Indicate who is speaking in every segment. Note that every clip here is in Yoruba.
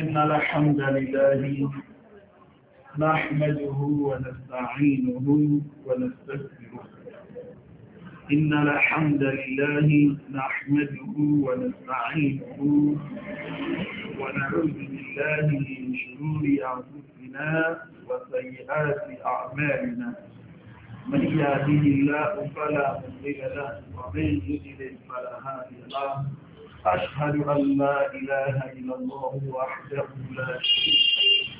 Speaker 1: إن الحمد لله نحمده ونستعينه ونستغفره إن الحمد لله نحمده ونستعينه ونعوذ بالله من شرور أنفسنا وسيئات أعمالنا من يهده الله فلا مضل له ومن يضلل فلا هادي له أشهد أن لا إله إلا الله وحده لا شريك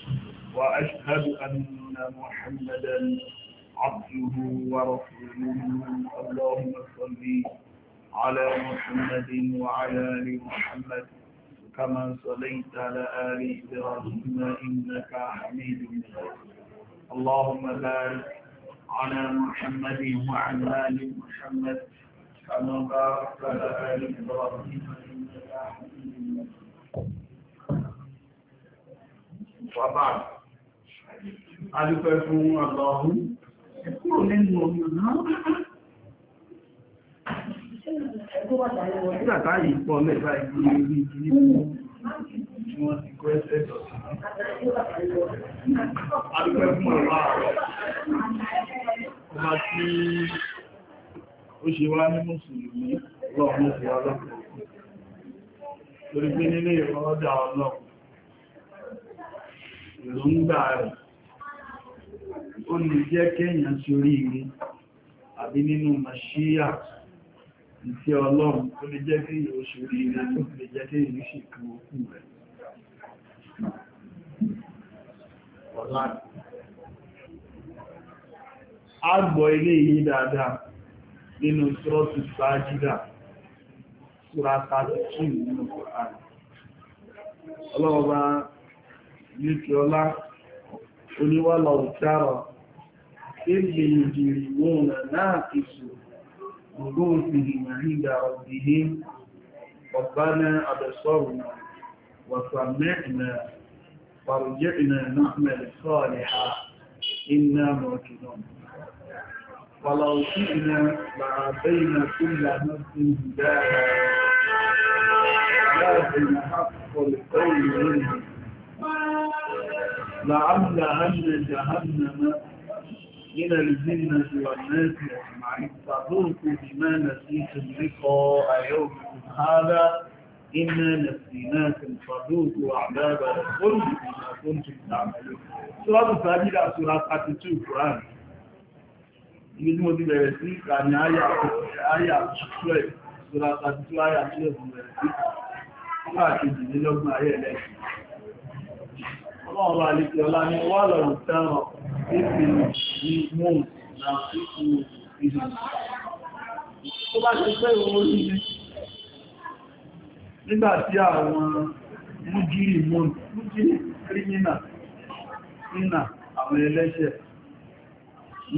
Speaker 1: وأشهد أن محمدا عبده ورسوله اللهم صل على محمد وعلى آل محمد كما صليت على آل إبراهيم إنك حميد مجيد اللهم بارك على محمد وعلى آل محمد كما باركت على آل إبراهيم إنك حميد مجيد وبعد adúpẹ́ fún ọlọ́run ẹ̀kúrò nínú omi náà nígbàtá yìí pọ̀ mẹ́ta ìgbìmọ̀ orí ìgbìmọ̀ tí wọ́n ti kọ́ ẹsẹ̀ ìdọ̀tí adúpẹ́ fún ọlọ́run ọba tí ó ṣe wá ní mùsùlùmí lọ́wọ́ sí ọlọ́pọ̀ torí pé nílé ìrọ́lọ́dà ọlọ́pọ̀ ìrọ̀ǹgbà rẹ̀ ó lè jẹ́ kéèyàn sí orí ire àbí nínú màṣíyà ìfẹ́ ọlọ́run tó lè jẹ́ kéèyàn ó sí orí ire tó lè jẹ́ kéèyàn ó sì kú òkú rẹ̀ Agbọ̀ ilé yìí dáadáa. nínú sọ́ọ̀tù sáájídà súra 32 nínú Kùránì. Ọlọ́ọ̀bá ní kí ọlá oníwàlọ̀ òtàrọ̀ ilẹ̀ ìjìrì wọn náà ìṣù gbogbo òsìrì màrídà ọ̀dìdí ọ̀bánà àbẹ̀sọ́rùn wàfàmẹ́ẹ̀nà فارجعنا نعمل ولو شئنا لعبينا كل نفس هداها لكن حق القول منه لعل أن جهنم من الجنة والناس أجمعين فذوقوا بما نسيتم لقاء يومكم هذا إنا نسيناكم فذوقوا عذاب الخلد بما كنتم تعملون سورة الفاتحة سورة 32 قرآن ibi tí mo ti bẹ̀rẹ̀ sí ìkà ní àyà 12 sọ́lá 32 àyà 12 bẹ̀rẹ̀ sí ìkà kejì nílọ́gbọ̀n ayé ẹlẹ́sìn
Speaker 2: ọlọ́ọ̀bá àlejò ọlá ní wà
Speaker 1: lọ́rùn tẹ́rọ ìpìlì ní mún náà síkú ìdí tó bá ti pẹ́ ìwọ̀n ìdí nígbàtí àwọn mújírì mún mújírì kírínà nínà àwọn ẹlẹ́ṣẹ̀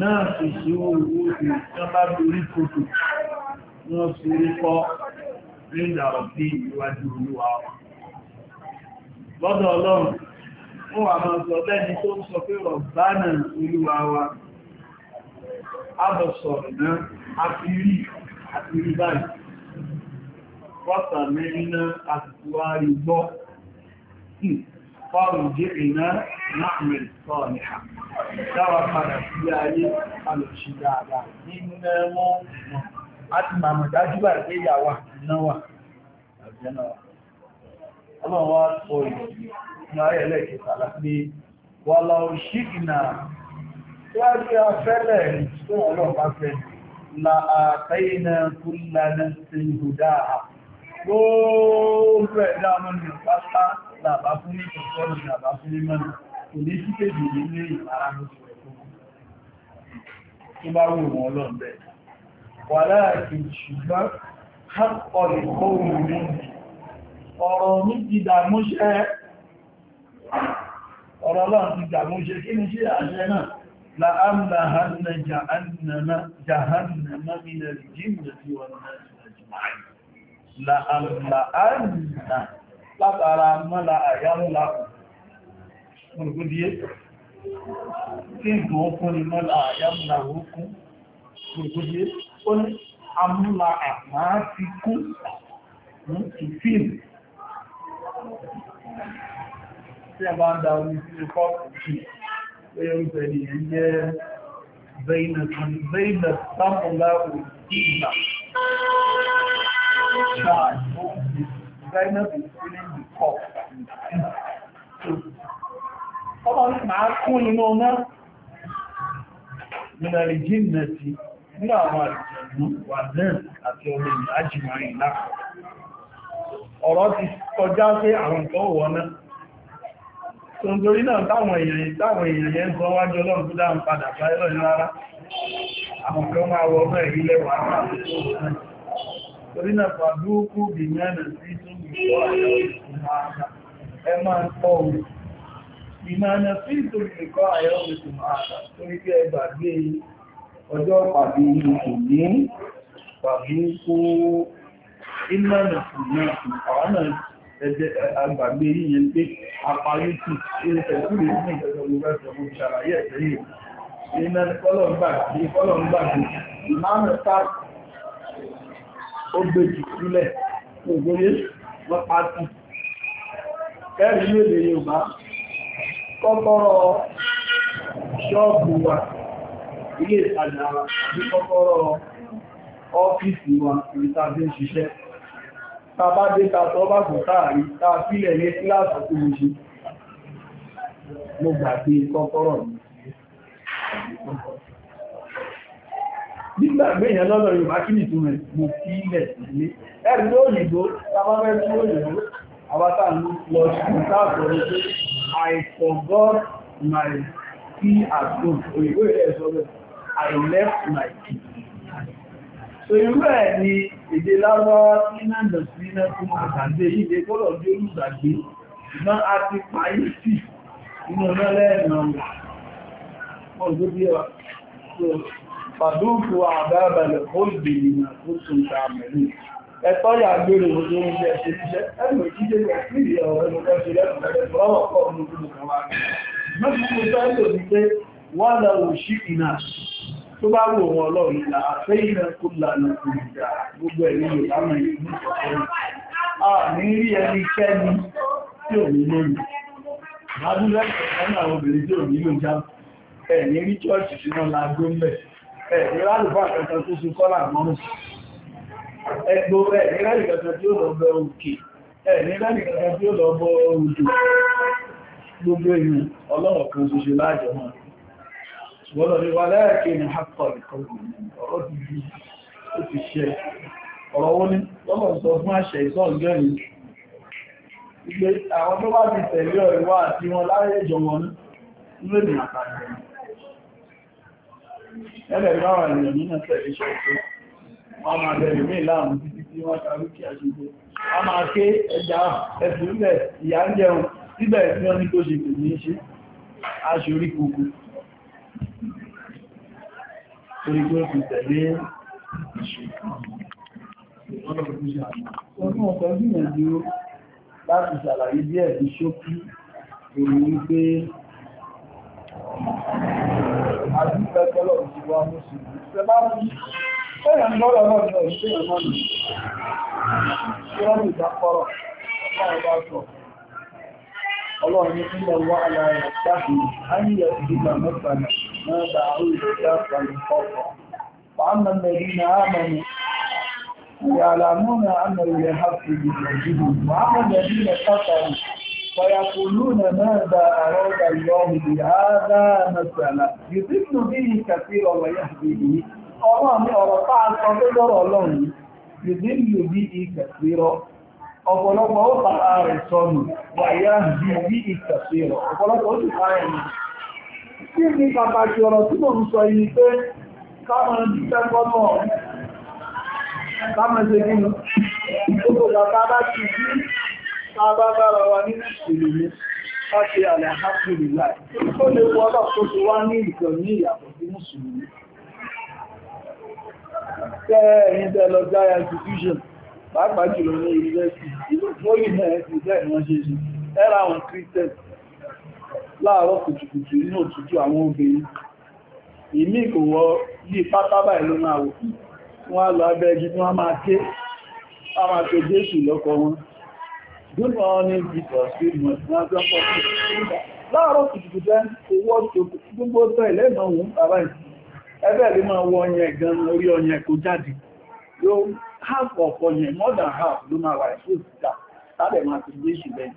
Speaker 1: náà fi ṣe owó ìjọba borí kòtò wọ́n fi rí kọ́ ríndà ọ̀bí ìwájú olúwa lọ́dọ̀ ọlọ́run wọ́n wà máa sọ lẹ́ni tó ń sọ pé rọ̀bánà olúwa wa abọ̀sọ̀rọ̀ náà àfírí àfírí báyìí pọ́tà mẹ́rin náà àtìwárí gbọ́ hmm fọ́rùndínlẹ̀ náàmìl sọ́ọ̀lẹ̀ha dáwà padà sí ayé alòṣì dáadáa nínú ẹmọ́ ọmọ àti màmù dájúwà pé yàwà náwà ọlọ́wọ́ sọ ìrìnlẹ̀ kẹtàlá pé wà lọ ṣíkìnà láti afẹ́lẹ̀ tó ọlọ́pàá fẹ́ láàtẹ́yìnà kúlànà sí ìhùdá gbogbo ẹ̀dá ọmọ nìyàn pátá làbá fún ní ìtọ́nà ní àbá fún ní mọ́nà kò ní sí kejì nílé ìlara ní oṣù ẹ̀kọ́ tó bá wù wọn lọ́nbẹ̀ wà láàrin ṣùgbọ́n hápọ̀ ìkọ́ òun ní ọ̀rọ̀ ní wan nas ajma'in la'amla hanna látara mọ́lá àyámúlá gbogbogbòdíyé tí ìgbò fún ni mọ́lá àyámúlá òkun gbogbogbòdíyé ó ní amúlá àmáà fi kún ti fíìmù tí a bá ń da omi sí kọ́pù sí pé ó tẹ̀lé ẹgbẹ́ bẹ́ẹ̀nà sáàmùlá òjì ìgbà kọ̀ ọmọ ní máa kún inú ọmọ mìírànlẹ̀ ọ̀rọ̀ ti kọjá sí àwọn náà tó ń torí náà táwọn èèyàn táwọn èèyàn yẹn sọ wájú ọlọ́run tó dáa ń padà ní rárá àwọn kan máa wọ ọmọ ẹ máa kọ́ o ìmọ̀nà sí ìtòrí ẹ̀kọ́ àyọ́ òṣùn àṣà torí pé ẹ gbàgbé ọjọ́ pàdé ìṣù ní pàdé kó ìmọ̀nà sí náà àwọn náà ẹgbẹ́ àgbàgbé yíyẹn pé àparí tù ìrìnkẹ̀kú rẹ̀ ní ìjọba olùgbàsọ̀rọ̀ ìṣàlàyé ẹ̀sẹ̀ yìí iná kọlọ̀mbà ní kọlọ̀mbà ní ìmáàmù ta ó gbèjì sílẹ̀ ògbóyé wọ́n pàtì ẹ̀rí yóò lè Yorùbá kọ́kọ́rọ́ ṣọ́ọ̀bù wa ilé ìtajà wa àbí kọ́kọ́rọ́ ọ́fíìsì wa ìrìtàbí ń ṣiṣẹ́ tàbá dé tàtọ́ bá kò táàrí tàà sílẹ̀ ní kíláàsì tó mo nígbà gbéyàn lọ́lọ́ Yorùbá kí ní túnmẹ̀ mú kí ilẹ̀ sílé ẹ̀rì ló òyìnbó tàbábẹ́ tí ó yìnbó àwátà ń lọ ṣùgbọ́n I forgot my key at home òyìnbó ilẹ̀ sọ́lẹ̀ I left my key so irú ẹ̀ ni èdè lárọ́wọ́ tí náà lọ sí iná fún àtàndé yìí lè kọ́lọ̀ bí olùgbàgbé ṣùgbọ́n a ti pààyè sí inú ọlọ́lẹ́ ẹ̀nà ọ̀gbọ̀n fàdúkù àbábàlẹ̀ òbí ìmọ̀ òtún tààmẹ̀lú ẹ̀tọ́ yà gbèrè ojú oúnjẹ ṣe ṣiṣẹ́ ẹ̀rọ ìjíjẹ́ ìrìn ọ̀rọ̀ ẹ̀rọ ẹ̀ṣẹ̀ lẹ́kùnrin lọ́wọ́ kọ́ ọdún tó kàn wá. mẹ́fún mo fẹ́ ní pé wọ́n lọ òṣì ìnà tó bá wò wọn ọlọ́run ìlà àfẹ́ ìrìn kó lànà ìjà gbogbo ẹ̀rí ìlànà ìlú
Speaker 2: ní rí ẹnikẹ́ni tí ò ní lórí
Speaker 1: adúlẹ̀ ẹ̀kọ́ àwọn obìnrin tí ò ní lójá ẹ̀ ní rí chọ́ọ̀chì sínú lágbó mẹ́rin ìrànlùfà kẹta tó ṣe kọ́lá mọ́rún ẹgbò rẹ̀ ìrànlùkẹta tí ó lọ bẹ òkè ìrànlùkẹta tí ó lọ bọ òjò gbogbo ìlú ọlọ́rọ̀ kan ṣoṣo láàjọ náà ṣùgbọ́n ní wà lẹ́ẹ̀kẹ́ ni hapọ̀ ìkọlù Ìgbé àwọn tó bá ti tẹ̀lé ọ̀rẹ́wà àti wọn láyé ìjọ wọn ní lónìí àtàrí ẹ̀mọ̀ ẹlẹ̀ ráwà èèyàn nínú tẹ̀lé ṣọ́tọ́ wọ́n máa bẹ̀rẹ̀ mí láàmù títí tí wọ́n tàbí kí àṣíkò a máa ké ẹja ẹ̀fìlúlẹ̀ ìyá ń jẹun síbẹ̀ tí wọ́n ní tó ṣe kò ní ṣe aṣorí kòkó
Speaker 2: torí pé kò tẹ̀lé
Speaker 1: ọdún ọ̀pẹ́ gbìyànjú láti ṣàlàyé díẹ̀ ní ṣókí àdúgbẹ́kọ́lọ̀ ti wá mú sí ìṣẹ́bá mú ẹ̀yà ń lọ́rọ̀ náà ní ọ̀ṣẹ́ ìmọ́nì ṣọ́rọ̀ ìdápọ̀rọ̀ ọlọ́ọ̀bá sọ ọlọ́run ní ilẹ̀ wà aláyà dákì ayíyà ìdígbà mẹ́fàlì náà bá orí ìdápàlì pọ̀pọ̀ وأما الذين آمنوا يعلمون أن اليهاب في الجنة وأما الذين كفروا فيقولون ماذا أراد الله بهذا مثلا يضل به كثيرا ويهدي به ọ̀rọ̀ mi ọ̀rọ̀ táa sọ pé lọ́rọ̀ ọlọ́run yìí bí ìkẹsìrọ̀ ọ̀pọ̀lọpọ̀ ó fara rẹ̀ sọnù wàyá bí bí ìkẹsìrọ̀ ọ̀pọ̀lọpọ̀ ó sì fara ẹ̀mù kí ni pàtàkì ọ̀rọ̀ tí mò ń sọ yìí pé káwọn tẹ́kọ́ náà káwọn Bàbá bára wa ní ìṣèlú láti àlàáfíì láì. Ó lè wọ́n lọ tó ti wá ní ìkan ní ìyàtọ̀ sí Mùsùlùmí. Tẹ́ẹ̀ ní tẹ́lọ Jaya Institution, pàápàá jùlọ ní University, ìlú Poli náà ti bẹ́ẹ̀ wọ́n ṣe ṣe. Ẹ́ra àwọn Christian láàárọ̀ kùtùkùtù inú òtútù àwọn obìnrin. Ìmí kò wọ bí pátá báyìí ló Wọ́n lọ abẹ́ ẹgbẹ́ tí wọ́n máa ké, Good morning, Jesus. Good morning. Láàárọ̀ kùtùkùtù ẹ́ owó gbogbo tọ́ ilẹ̀ ìmọ̀ òun bàbá ì. Ẹbẹ̀ lè máa wọ ọyẹ gan orí ọyẹ kò jáde. Yóò half of ọyẹ, more than half ló máa wà ẹ̀fọ́ ìsìta. Tábẹ̀ máa ti gbé ṣùgbẹ́.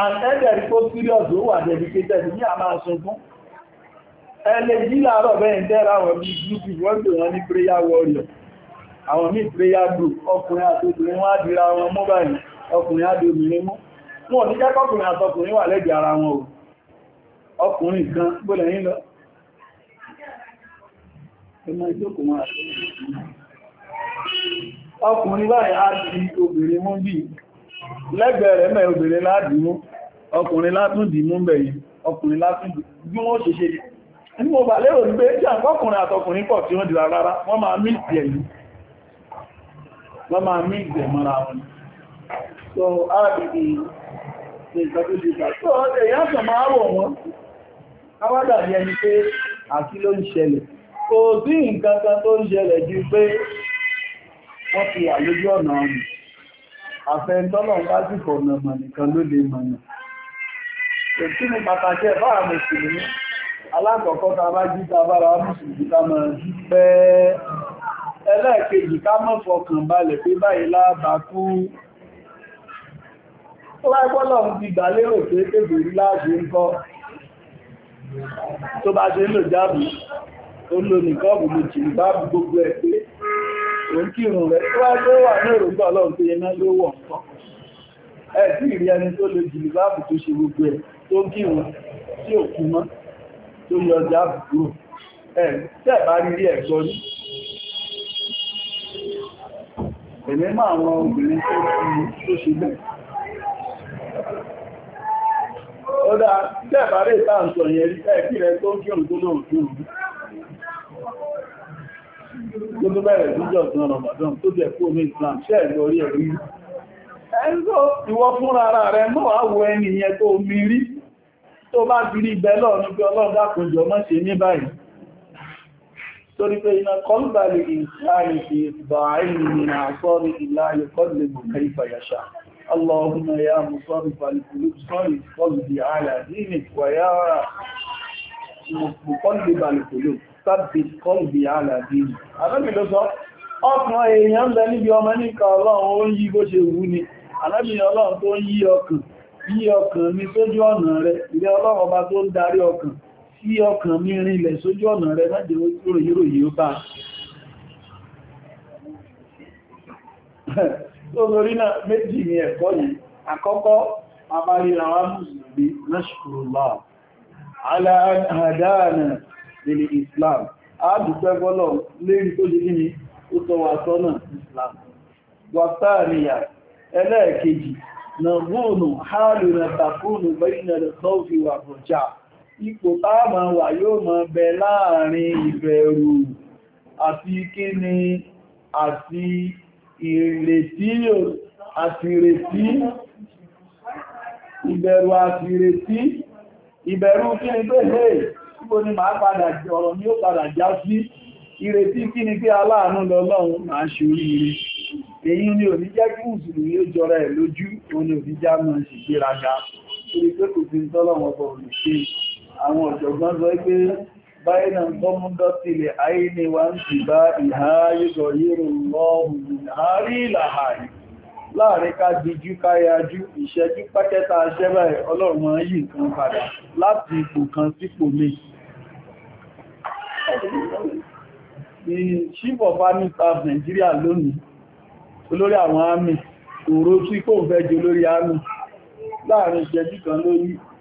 Speaker 1: And ẹ̀dẹ̀ rí kó serious ó wà dedicated ní àmà sunkún. Ẹ lè jí láàárọ̀ bẹ́ẹ̀ ń tẹ́ra wọn bí group ìwọ́n pè wọ́n ní prayer warrior àwọn mí prayer group ọkùnrin àti obìnrin wọ́n á dìra wọn mú báyìí ọkùnrin á di obìnrin mú wọn ò ní jẹ́ kọkùnrin àtọkùnrin wà lẹ́gbẹ̀ẹ́ ara wọn o ọkùnrin kan gbọ́lẹ̀ yín lọ ọkùnrin báyìí á di obìnrin mú bí lẹ́gbẹ̀ẹ́ rẹ̀ mẹ́ obìnrin láàdì ọkùnrin látún dì bẹ̀yìn ọkùnrin látún bí wọ́n ṣe ṣe ní mo bà lérò ní pé tí àkọ́kùnrin àtọkùnrin pọ̀ tí wọ́n dìra rárá wọ́n máa mí ìsì ẹ̀yìn wọ́n máa mí ìgbẹ̀mọ́ra wọn so ábìdì ṣe ìtàkùsíta so ọ̀dẹ̀ yá sọ máa wọ̀ wọ́n káwádà ní ẹni pé àti ló ń ṣẹlẹ̀ kò sí nǹkan kan tó ń ṣẹlẹ̀ ju pé wọ́n ti wà lójú ọ̀nà ọ̀nà àfẹ́ntọ́nà bá sì fọ̀nà mọ̀ nìkan ló lè mọ̀nà ètí ni pàtàkì ẹ̀fà mùsùlùmí alákọ̀ọ́kọ́ ta bá jí ta bára mùsùlùmí ta mọ̀ ẹlẹ́ẹ̀kejì ká mọ́ fọkàn balẹ̀ pé báyìí láàbà kú tó wá gbọ́lọ̀ ń ti gbà lérò pé tèbè rí láàbì ń kọ́
Speaker 2: tó bá ṣe ń lò
Speaker 1: jáàbù tó ń lò nìkan bù lè jìrì bá bù gbogbo ẹ̀ pé òun kírun rẹ̀ tó wá gbé wà ní èròǹgbà ọlọ́run tó yẹ náà ló wọ̀ nǹkan ẹ̀ sí ìrí ẹni tó ẹ̀mẹ́ máa wọn obìnrin tó ṣe bẹ́ẹ̀. ó dá tẹ́ẹ̀bàrẹ́ ìtàǹsọ̀ yẹn rí tẹ́ẹ̀kì rẹ tó ń kí òun tó náà fún òun
Speaker 2: tó tó bẹ̀rẹ̀ ìjọ́ ìtàn
Speaker 1: ọ̀rọ̀mọ̀dán tó jẹ́ kó ní Islam ṣẹ́ẹ̀ lórí ẹ̀rí ẹ̀ńsọ́ ìwọ fúnra ara rẹ̀ mọ́ àwọ ẹni yẹn tó mi rí tó bá ti rí bẹ́lọ̀ níbi ọlọ́dàkùnjọ mọ́ torí pé iná kọlbà lè ìsáàlì fi bàáyìn ní àṣọ́rí ìláyẹ kọlù mọ̀ká ìfàyàṣà Allahumma ya musarif al-qulub sarif qalbi ala dinik wa ya muqallib al-qulub sabbit qalbi ala dinik Ànábì ló sọ ọkàn èèyàn bẹ níbi ọmọ níka Ọlọ́run ó yí bó ṣe wù ní Ànábì tí ọkàn mi rinlẹ̀ sójú ọ̀nà rẹ̀ láti ròyìnròyìn ó bá lórí náà méjì ni ẹ̀kọ́ yìí àkọ́kọ́ àmàrìnà wa mùsùlùmí náṣùrùlá aláàdáàna nílé Islam àádùpẹ́ bọ́lọ̀ lérí tó jẹ́ ipò táàmà wà yóò mọ bẹ láàrin ìbẹ̀rù àti kíni àti ìrètí àti ìrètí ìbẹ̀rù àti ìrètí ìbẹ̀rù kíni pé hey kíbo ni màá padà ọ̀rọ̀ ni ó padà já sí ìrètí kíni pé aláàánú lọ́lọ́run màá ṣe oríire èyí ni ò ní jẹ́ kí mùsùlùmí ó jọra ẹ̀ lójú òun ni já mọ́ ìgbéraga torí pé kò fi ń tọ́lọ́wọ́ bọ̀ òun ṣe àwọn ọ̀jọ̀gbọ́n sọ pé báyìí náà gọ́mú dọ́tílẹ̀ ayé ni wà ń ti bá ìháyígọ̀ yírò lọ́rùn àárí ìlàhàrí láàrin ká dijú káyájú ìṣẹ́jú pẹ́kẹ́ta aṣẹ́bẹ̀ ọlọ́run yìí nǹkan padà láti ipò kan sípò méjì the chief of army staff Nigeria lónìí olórí àwọn army òró tí kò fẹ́ jẹ olórí army láàrin ìṣẹ́jú kan lórí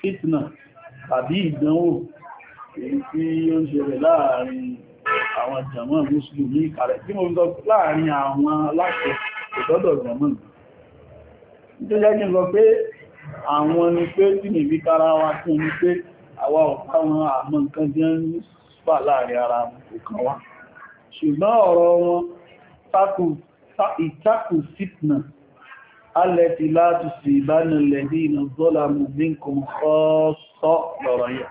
Speaker 1: fitna tàbí ìdánwò èyí tí ó ń ṣẹlẹ̀ láàrin àwọn jàmọ́ mùsùlùmí kàrẹ̀ tí mo ń sọ láàrin àwọn aláṣẹ ìtọ́dọ̀ jàmọ́ tó jẹ́ kí n sọ pé àwọn ni pé tí mi bí kára wa kí ni pé àwa ọ̀pá wọn àmọ́ nǹkan jẹ́ ń fà láàrin ara ọkàn wa ṣùgbọ́n ọ̀rọ̀ wọn ìtakù fitna التي لا تصيبن الذين ظلموا منكم خاصة lọ́rọ̀yẹ.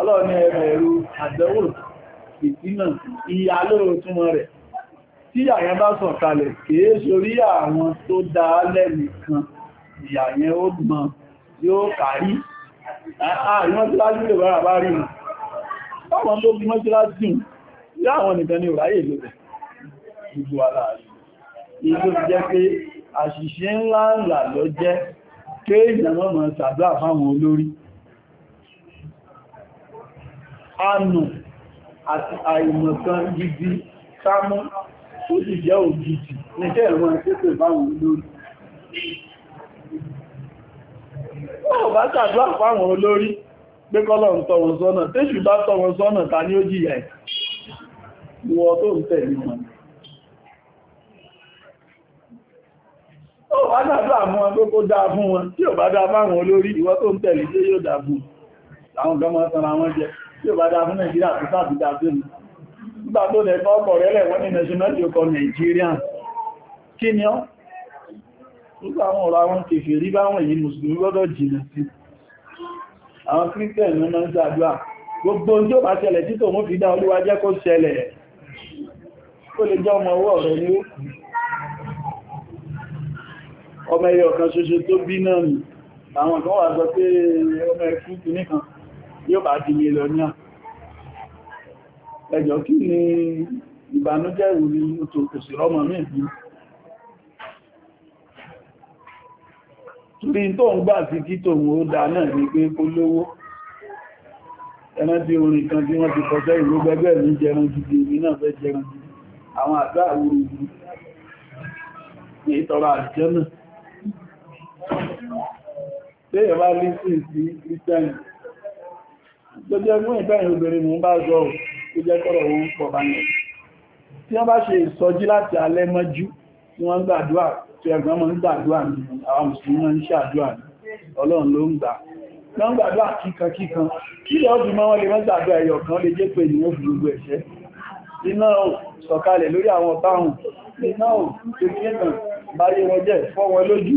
Speaker 1: Ọlọ́run ẹ̀rù àdẹ́wò ìtínà ìyà lóòrò túnmọ̀ rẹ̀. Tí àyẹn bá sọ̀ kalẹ̀ kìí sórí àwọn tó dá lẹ́nìkan, ìyà yẹn ó mọ̀ yóò kárí.
Speaker 2: Àwọn tí láti lè
Speaker 1: bára bá rí mọ̀. Báwọn tó bí wọ́n tí láti aláàrí. Ìjọ́ ti jẹ́ pé àṣìṣe ńlá ńlá ló jẹ́ kéèyàn mọ́mọ̀ sàdúrà fáwọn olórí anù àti àìmọ̀kan gidi sámú ó sì jẹ́ ògidì ní jẹ́ ìwọ̀n tẹ́tẹ̀ fáwọn olórí ó bá sàdúrà fáwọn olórí pé kọ́lọ̀ ń tọ́ wọn sọ́nà tẹ́ṣù bá tọ́ wọn sọ́nà ta ni ó jìyà ẹ̀ wọ́n tó ń tẹ̀lé wọn ó wá dàdú àwọn akókó dáa fún wọn tí ò bá dáa fáwọn olórí ìwọ tó ń tẹ̀lé tí yóò dáa fún àwọn gọmọ sanra wọn jẹ tí ò bá dáa fún nàìjíríà tó sáàbì dáa fún mi nígbà tó lẹ fọ́ ọkọ̀ rẹ̀ lẹ̀wọ́n ní national geoco Nigerian kí ni ọ́ nígbà àwọn ọ̀rọ̀ àwọn kèfèrí báwọn èyí mùsùlùmí gbọ́dọ̀ jìnà sí àwọn kírísítẹ̀ ní ọmọ ń sàdúrà gbogbo tí ó bá ṣẹlẹ̀ títò mú fi dá olúwa kó ṣẹlẹ̀ ó lè jẹ́ ọmọ owó ọ̀rọ̀ ni ọmọ ẹyọ kan ṣoṣo tó bí náà nì àwọn kan wà sọ pé ọmọ ẹkùn ti nìkan yóò bá di lè lọ ní à ẹjọ́ kí ni ìbànújẹ́ ìwòrí tó kò sí rọ́mọ mí bí torí tó ń gbà sí kí tòun ó dá náà ní pé kó lówó ẹran tí orin kan tí wọ́n ti kọjá ìlú gbẹgbẹ́ ní jẹran gidi èmi náà fẹ́ jẹran gidi àwọn àgbà àwúrú ní ìtọrọ àjẹ́ náà tí èyàn bá lè sí sí kírísítẹ́nì tó jẹ́ mú ìbẹ̀rẹ̀ obìnrin mú bá zọ tó jẹ́ kọ́rọ̀ wọn pọ̀ bá yẹn tí wọ́n bá ṣe ìsọjí láti alẹ́ mọ́jú tí wọ́n gbàdúrà tí ẹ̀gbọ́n mọ́ ń gbàdúrà ní àwọn mùsùlùmí ń ṣàdúrà ní ọlọ́run ló ń gbà wọ́n gbàdúrà kíkankíkan kí lè ọdún mọ́ wọn lè mọ́ gbàdúrà ẹyọ kan lè jẹ́ pé ènìyàn fi gbogbo ẹ̀ṣẹ̀ iná sọ̀kalẹ̀ lórí àwọn báhùn iná ò tó kí ẹ̀kàn báyé wọn jẹ́ fọ́ wọn lójú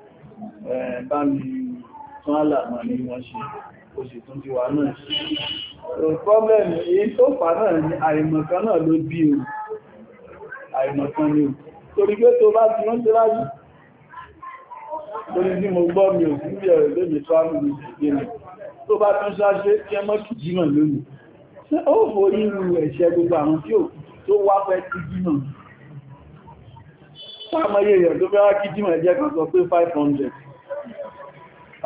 Speaker 1: bá mi tún àlàmà ní wọ́n ṣe ó sì tún ti wà náà pọ́bẹ̀mì èyí tó fà náà ní àìmọ̀kan náà ló bí o àìmọ̀kan ni o torí pé tó bá ti rántí láti
Speaker 2: torí bí mo gbọ́ mi ò sí bí
Speaker 1: ọ̀rẹ́ lóbi tó á mú mi sí tó bá tún ṣáṣe kí ẹmọ́ kì jímọ̀ lónìí ó fò wá fẹ́ kí jímọ̀ sáàmọ́yé èèyàn tó fẹ́ wá kí jímọ̀ ẹjẹ́ kan sọ pé 500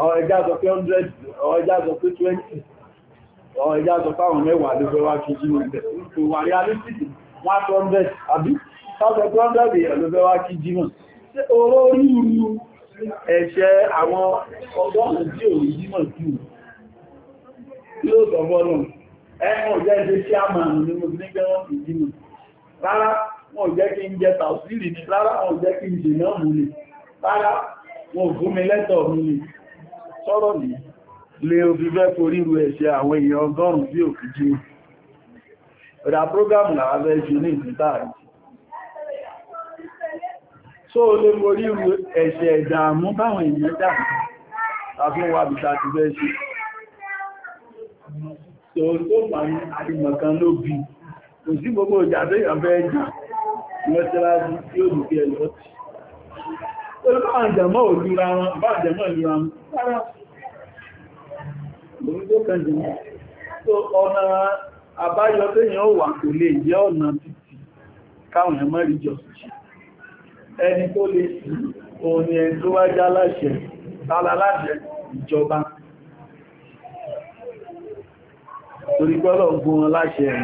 Speaker 1: ọ̀rọ̀ ẹjá sọ pé 100 ọ̀rọ̀ ẹjá sọ pé 20 ọ̀rọ̀ ẹjá sọ fáwọn mẹ́wàá ló fẹ́ wá kí jímọ̀ ẹjẹ́ tó wà realistic 100 àbí sáàsọ̀ pé 100 èèyàn ló fẹ́ wá kí jímọ̀ oró rúurú ẹ̀ṣẹ̀ àwọn ọgọ́rùn-ún tí ò ní jímọ̀ jù sọ fọ́nà ẹ̀hùn jẹ́ ṣe ṣe àmà nínú nígbẹ́wọ́n ìjímọ̀ rárá wọn ò jẹ́ kí n jẹ tàùsílì ní rárá wọn ò jẹ́ kí n jẹ náà mú lè rárá wọn ò fún mi lẹ́tọ̀ mú lè sọ̀rọ̀ ní lè òfífẹ́ foríru ẹ̀ṣẹ̀ àwọn èèyàn ọgọ́rùn-ún sí òkú jí ọ̀dà prógámù làwọn ẹ̀ṣù ní ìpítà àti tó lè foríru ẹ̀ṣẹ̀ ìdààmú báwọn èèyàn dà
Speaker 2: tàbí wà bìtà ti fẹ́ ṣe
Speaker 1: tó tó ló bí kò sí gbogbo ìjà tó yàn fẹ́ jà
Speaker 2: mọ́sálásí tí ó
Speaker 1: dùkẹ́ lọ́tí. Olúkọ́ àjẹ̀mọ́ òlúra wọn, bá àjẹ̀mọ́ ìlúra wọn, sára. So, ọ̀nà àbáyọ tó yẹn ó wà kò lè jẹ́ ọ̀nà títì káwọn ẹ̀mọ́ rí jọ ẹni tó lè òní ẹni tó wá já láṣẹ ìjọba torí gún wọn ẹ̀yìn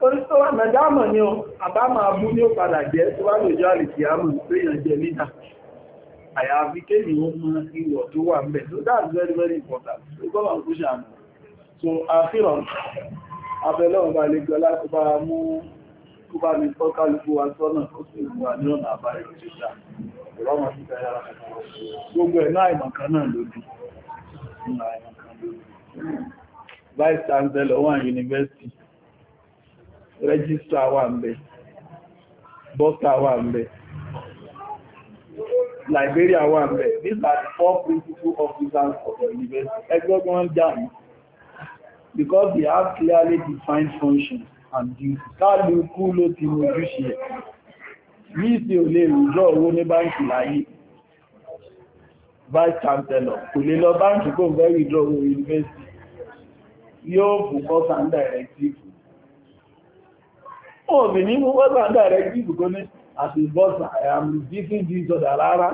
Speaker 1: torí tó wà nàdámọ̀ ni ọ àbámọ̀ abú ní ó padà jẹ́ tó wà lòjọ́ àlìkìyàmù péyàn jẹ níta àyàfi kéèmì ó mú ìwọ̀ tó wà mẹ́ so that's very very important so gọ́nà kú ṣàmù so àfihàn abẹ́lọ́wọ̀n bá lè gọlá kó vice chancellor one university rẹ́gísítà wà ń bẹ̀ bọ́tà wà ń bẹ̀ Liberia wà ń bẹ̀ these are four principal officers of the university ẹgbẹ́ wọn jà mí because they have clearly defined functions and duties kálukú ló ti mojú ṣe ẹ̀ yìí tí ò lè rùjọ́ owó ní báńkì láyé vice chancellor kò lè lọ báńkì kó ń fẹ́ rùjọ́ owó university yóò fún bọ́sà ń directive Oh, the name of God directly because as a boss, I am receiving this order lara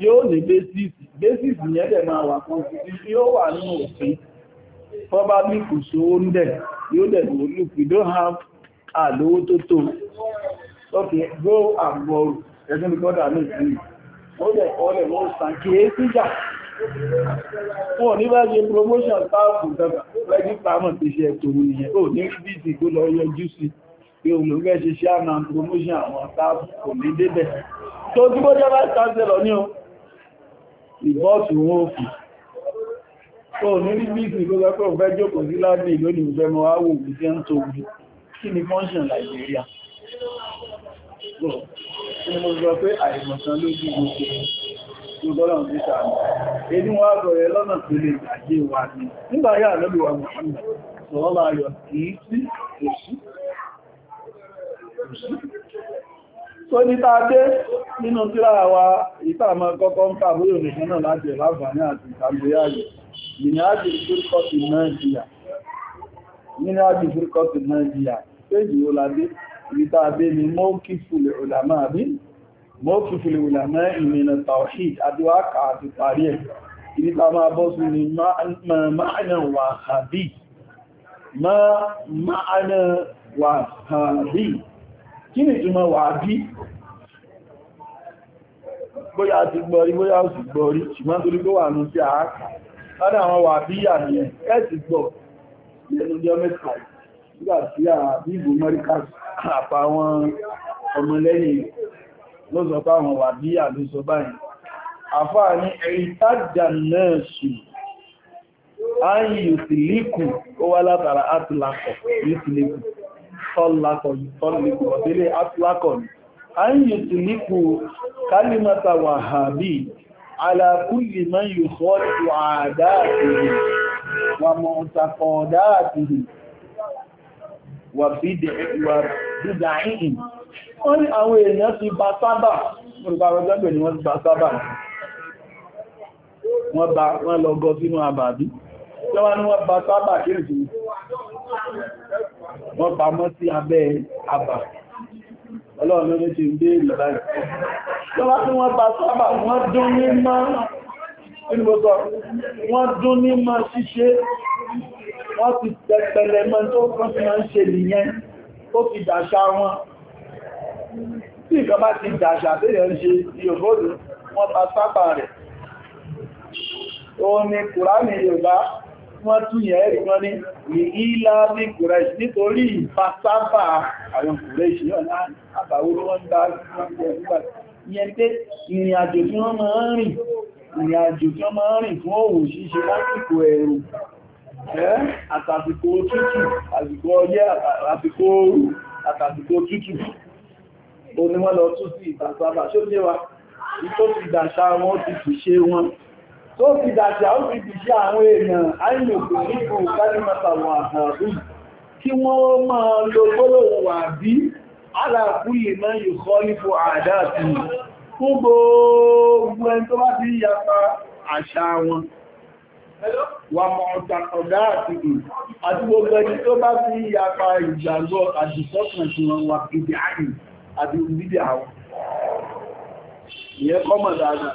Speaker 1: Yóò ní basis, basis yẹn dẹ̀ máa wà kan sí yóò wà nínú Probably kò sówó ń dẹ̀, we don't have àlówó tó Okay, go and borrow. Ẹgbẹ́ mi gbọ́dọ̀ àmì ìsinmi. Ó dẹ̀ kọ́ lẹ̀ wọ́n sàn kí é síjà. Wọ́n ní bá ṣe promotion táàkù gbẹ̀gbẹ̀ lẹ́gbẹ̀ẹ́ pàmọ̀ ti ṣe ẹ̀tọ́ nìyẹn. Ó ní pé olùgbẹ́ ṣe ṣe àmà promotion àwọn táàbù kò ní débẹ̀ tó tí bó jẹ́ bá ní o ìbọ́ọ̀tù wọn òfì
Speaker 2: tó ní rí bíìsì
Speaker 1: tó sọ pé jókòó sí láti ìlónìí ìfẹ́ mọ́ áwò òbí ń tóbi kí ni function Liberia tí mo sọ pé àìmọ̀sán ló bí lọ́nà tó lè gbàgbé wa ní nígbà yà lọ́bí wa mọ̀ sọ́lá ayọ̀ kìí sí òsì
Speaker 2: tó ní tàbí nínú
Speaker 1: tírára wa ìtàmọ́ kọ́kọ́ ń kà bóyò nìkan náà láti ẹ̀láfàní àti ìtàgbéyàyè ìrìnàjì fúrkọ́tì nàìjíríà ìrìnàjì fúrkọ́tì nàìjíríà péjì ó ládé ìtàbí ni mọ́kífùlẹ̀ òlàmà àbí mọ́kífùlẹ̀ òlàmà ìmìnà tawhid adúwákà àti parí ẹ̀ ìrìta máa bọ́ sí ni ma'ana wàhábí kí ni ìtumọ̀ wàhábí bóyá ti gbọ́rí bóyá ó sì gbọ́rí ṣùgbọ́n torí pé wà ní sí àákà lọ́dọ̀ àwọn wàhábí yà ní ẹ̀ẹ́sì gbọ́ lẹ́nu jọ mẹ́ta nígbà tí àbí ìbò mẹ́ríkà àpàwọn ọmọlẹ́yìn ló sọ pé àwọn wàhábí yà ló sọ báyìí àfáà ní ẹ̀rìtàjà náà ṣì áyì ó wá látara átìlákọ̀ ìsìlíkù tọ́lákọ̀ tọ́lẹ̀kọ̀ délé átílákọ̀ ní a ń yìí tí nípò kálímata wàhábí alákùnlé mọ́ yìí kọ́lù àdáàtìrì wà mọ̀ọ̀tàkọ̀ọ̀dáàtìrì wà bídàáyìn wọ́n ní àwọn èèyàn ti bá sábà wọ́n lọ gọ́ sínú àbàbí tí wọ́n ní wọ́n bá sábà kírìtì wọ́n pamọ́ sí abẹ́ àbà ọlọ́run ló ti ń dé ìlọ́láyìn tó wá tí wọ́n pa sábà wọ́n dún ní mọ́ ìgbòsọ̀ wọ́n dún ní mọ́ ṣíṣe wọ́n ti tẹ̀pẹ̀lẹ̀ mọ́ tó kàn sí máa ń ṣe nìyẹn ó fi dàṣà wọn tí nǹkan bá ti dàṣà tí yẹn ń ṣe yòbódù wọ́n pa sábà wọ́n tún yẹ̀ ẹ̀rì wọ́n ní ní ìlà ní kùrẹ́ṣì nítorí ìfasábà àwọn kùrẹ́ṣì ọ̀nà àbàwóró wọ́n dá ìyẹn pé ìrìn àjò tí wọ́n máa ń rìn ìrìn àjò tí wọ́n máa ń rìn fún òwò ṣíṣe lásìkò ẹ̀rù àtàsìkò tútù àsìkò ọyẹ́ àtàsìkò ooru àtàsìkò tútù òní wọ́n lọ tún sí ìfasábà ṣó jẹ́ wa ìtó ti dàṣà wọn ti tù ṣe wọn tó fi dàjà ó fi dìṣẹ́ àwọn èèyàn àìyànkò nígbò kálímọ̀tàwọ̀ àtàrí kí wọ́n máa lo gbólóhùn wà bí aláàkúlè máa yìí kọ́ nípò àdáàtì fún gbogbo ẹni tó bá ti yapa àṣà wọn wà mọ̀ọ̀tàkọ̀dá àti àti gbogbo ẹni tó bá ti yapa ìgbàgbọ́ àdìsọ́kàn tí wọ́n wà gidi àti ìdídì àwọn ìyẹn kọ́mọ̀ dáadáa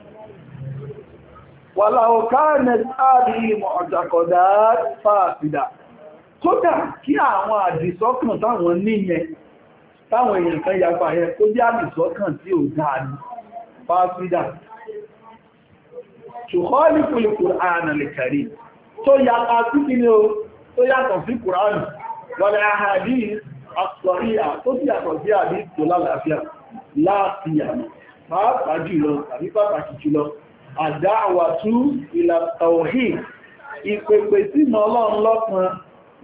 Speaker 1: wàláwọ̀ káàmẹ̀ sáàbí ìmọ̀ ọ̀jàkọ̀dá fàáfidà kódà kí àwọn àdìsọ́kàn táwọn níyẹn táwọn èèyàn kan yapa yẹn kó jẹ́ àdìsọ́kàn tí ò dáa ní fàáfidà ṣùgbọ́n ní kùlùkùrù ààrùn lè kàrí tó yapa sí kí ni ó tó yàtọ̀ sí kùránù wọ́n àhàdí àsọ̀ríyà tó sì pàápàá jùlọ tàbí pàtàkì jùlọ àdáwàtú ìlàtàwòhì ìpèpè tí mọ́ ọlọ́run lọ́kan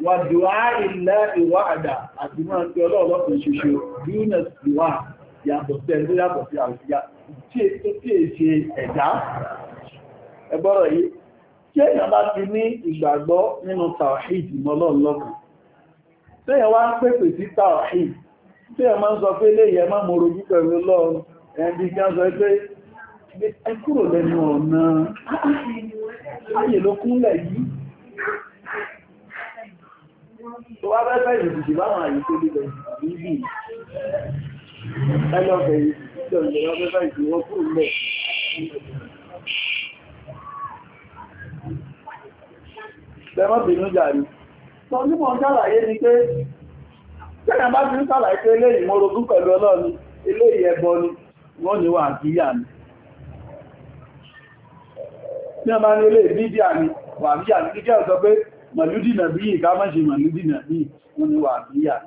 Speaker 1: wà dùá ilẹ̀ ìwà àdà àti máa tí ọlọ́run lọ́kan ṣoṣo yúnus ìwà yàtọ̀ sí ẹgbẹ́ yàtọ̀ sí àríyá tí è máa ń sọ pé léyìn ẹ má mo pẹ̀lú ọlọ́run ẹni kí á sọ pé ẹ kúrò lẹ́nu ọ̀nà ayè ló kúnlẹ̀ yìí tó wá bẹ́ẹ̀ fẹ́ ìrìnjì láwọn àyè tó lè bẹ̀rẹ̀ níbi ẹlọ́bẹ̀ ìjọba ìjọba kúrò lẹ̀ lẹ́mọ́ bínú jàrí tọ́ nímọ̀ jàlàyé ni pé tẹ́yàn bá fi ń sàlàyé pé eléyìí mọ́rogún pẹ̀lú ọlọ́ni eléyìí ẹbọ ni wọ́n ni wà àbíyà ní ọmọ ní ilé mídíà ni wà ní àti kíkẹ́ ọ̀sọ́ pé mọ̀lúdìnà bí i ká mọ́ṣe mọ̀lúdìnà bí wọ́n ni wà ní à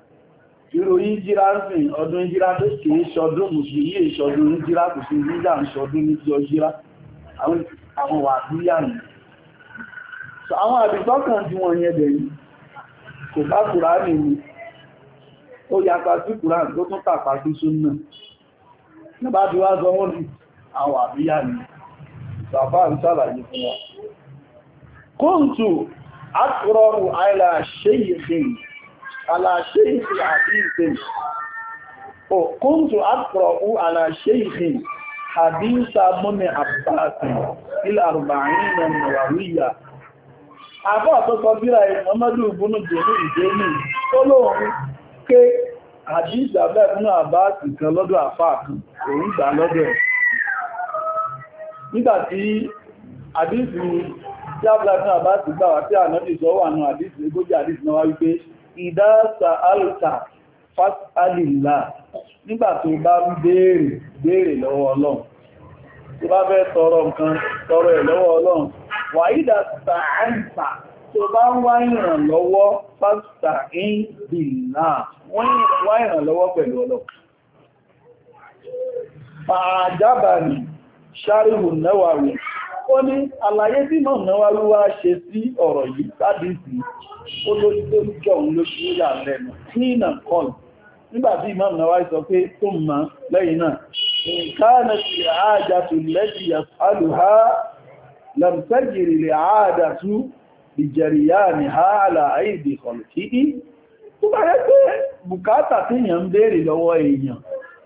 Speaker 1: ìròyìn jíra ń sìn ọdún jíra tó kì í ṣọdún mùsùlùmí ìṣọdún ní jíra kò sí jíra ń ṣọdún ní jọ jíra àwọn wà ní à nì àwọn àdìsọ́kàn tí wọ́n yẹn dẹ̀yìn kò bá kùránì ni ó yapa sí kùránì tó tún tàpá sí súnnà nígbà tí wá sọ wọ́n ní àwọn àbíyà nìyẹn bàbá ń sàlàyé fún wa kóǹtù akọrọrù aláṣẹ́yìnfìn aláṣẹ́yìnfìn àbíǹfìn o kóǹtù ilẹ̀ àrùbàáyìn na nàwàríyà àbá àtọ́kọ́ bíra ìmọ́mọ́dù ìbúnú jẹ́mú ìdẹ́mù tó ké bẹ́ẹ̀ fún kan lọ́dọ̀ àfáà òun gbà lọ́dọ̀ ẹ̀ nígbàtí àdísì tí a bláfí àbá ti gbà wá tí a náà ìṣọ́ wà náà àdísì egójì àdísì náà wá wípé ìdásà alta fásitàlìlá nígbàtí o bá ń béèrè béèrè lọ́wọ́ ọlọ́run tó bá fẹ́ tọrọ nǹkan tọrọ ẹ̀ lọ́wọ́ ọlọ́run wà ìdásà ṣáríhù náwàrí ó ní àlàyé tí mọ̀ náwàrí wá ṣe sí ọ̀rọ̀ yìí sádìsì ó ló tó jọ òun ló ṣe yà lẹ́nu clean and call nígbàtí Imam Nawawi sọ pé tó mọ̀ lẹ́yìn náà nǹkan ti àájà tó lẹ́jì àlùhá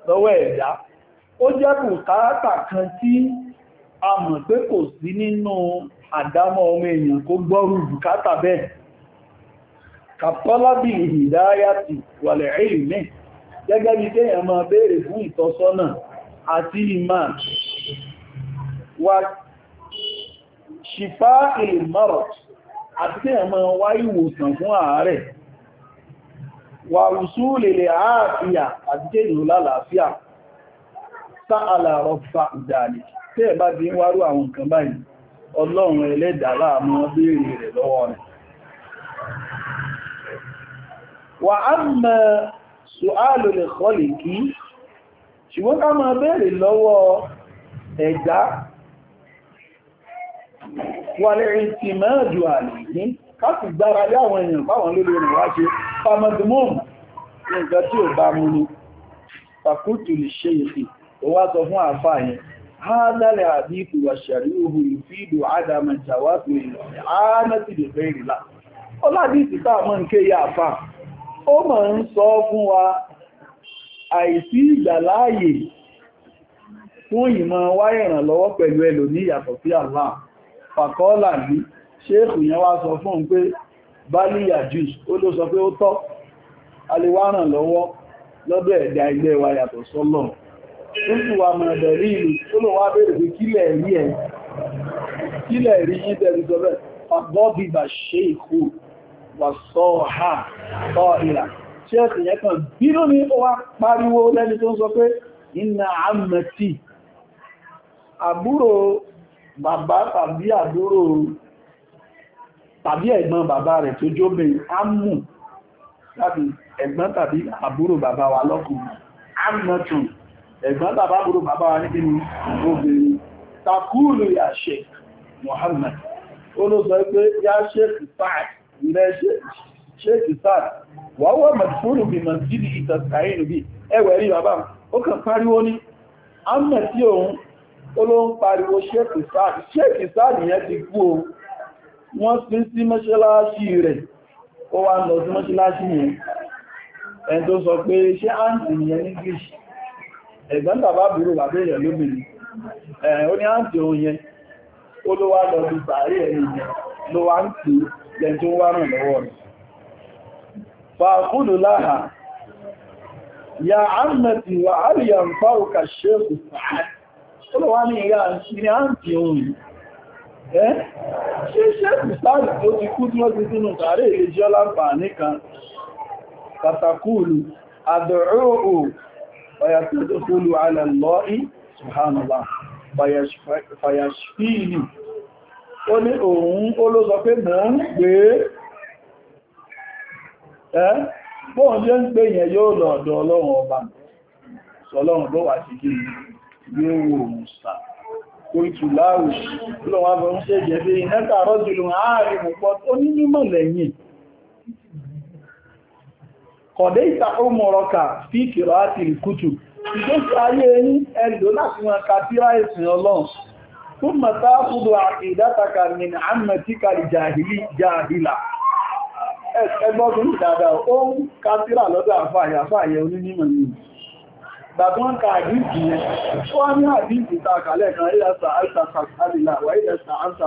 Speaker 1: lọ́wọ́ ẹ̀dá ó jẹ́ bùkátà kan tí a mọ̀ pé kò sí nínú àdámọ́ ọmọ èèyàn kó gbọ́rù bùkátà bẹ́ẹ̀ kàtọ́lábì ìdáyàtì wàlẹ̀ ìrìnlẹ̀ gẹ́gẹ́ bí kéèyàn máa béèrè fún ìtọ́sọ́nà àti ìmá wa ṣìfá ìlmọ̀rọ̀ àti kéèyàn máa wá ìwòsàn fún àárẹ̀ wà àáfíà àti kéèyàn lálàáfíà sáàlà rọ́fà ìdáàlì tí ẹ bá ti ń wárú àwọn nǹkan báyìí ọlọ́run ẹlẹ́dàá láàmú béèrè rẹ̀ lọ́wọ́ rẹ̀ wà á mẹ́ ṣùálò lè kọlì kí ṣùgbọ́n ká máa béèrè lọ́wọ́ ẹ̀dá wà lè rìn tí mẹ́rẹ̀jù àlè ní káàkì gbára lé àwọn èèyàn báwọn lórí rẹ̀ wá ṣe pàmọ́dùmọ́m nǹkan tí ò bá mú ní fàkútù lè ṣe ìfì ó wá sọ fún àfáà àdíkù ìfìdò àdàmà ya ń sọ fún wa àìsí ìgbàláàyè fún ìmọ̀ ìrànlọ́wọ́ pẹ̀lú ẹlò ní ìyàtọ̀ sí fàkọ́ọ́là ní ṣéèkù yẹn wá sọ fún pé jùs ó ló sọ pé ó tọ́ a lọ́dọ̀ nígbù wa mọ̀ ẹ̀bẹ̀rí ìlú tó lọ wá bèèrè pé kílẹ̀ rí ẹ̀ kílẹ̀ rí yí tẹ̀lú sọ́bẹ̀ ọgbọ́bìbà ṣe ìkú wà sọ ha sọ ìlà tí ẹ̀sì yẹn kan bí ní ó pariwo lẹ́ni tó ń sọ pé iná àmẹ́tì àbúrò bàbá tàbí àbúrò tàbí ẹ̀gbọ́n bàbá rẹ̀ tó jóbe ámù tàbí ẹ̀gbọ́n tàbí àbúrò bàbá wa lọ́kùnrin ámùtùn ẹ̀gbọ́n bàbá búrò bàbá wa níbi obìnrin takúlù ya sheik Muhammad olóòsọ pé ya sheik Saad ilẹ̀ sheik Saad wọ́wọ́ mẹ́fúnù bí masjidi ìtàkàínù bí ẹwẹ̀ rí bàbá ó kàn pariwo ní àmà tí òun olóhun pariwo sheik Saad sheik Saad yẹn ti kú o wọ́n sin sí mọ́ṣáláṣí rẹ̀ ẹ̀gbọ́n tàbá bírò bàbá èèyàn lóbìnrin ẹ̀ ó ní àǹtí òun ó ló wá lọ bí sàárì ẹ̀yìn yẹn ló wá ń tí lẹ́n wá ràn lọ́wọ́ rẹ̀ ya àmẹ́tì wà áríyà ń fá òkà ṣe fayàtúkúlù alàlọ́ì ṣùhánàlá fayàṣfíìlì ó ní òun ó ló sọ pé mọ́ ń pè é ẹ́ bóhun jẹ́ ń pè yẹn yóò lọ́dọ̀ ọlọ́run ọba sọlọ́run bó wà sí kí yóò òun sà oìtù láàrùn lọ́wọ́ kọ̀dé ìtàkùn mọ̀rọ̀kà sí ìkìrọ̀ àti ìkútù ìgbésí ayé yín ẹ̀rìdó láti wọn ka tíra ìsìn ọlọ́run fún mọ̀tá fúdù àìdátaka ní àmàtíkà jàhìlà ẹgbọ́gbọ́n ìdàdà ó ń ka tíra lọ́dọ̀ àfààyàfààyà onímọ̀ ni gbàgbọ́n ka àdíjì yẹn ó wá ní àdíjì ta kàlẹ̀ kan ilẹ̀ sàáìsà fàṣàlìlà wà ilẹ̀ sàáìsà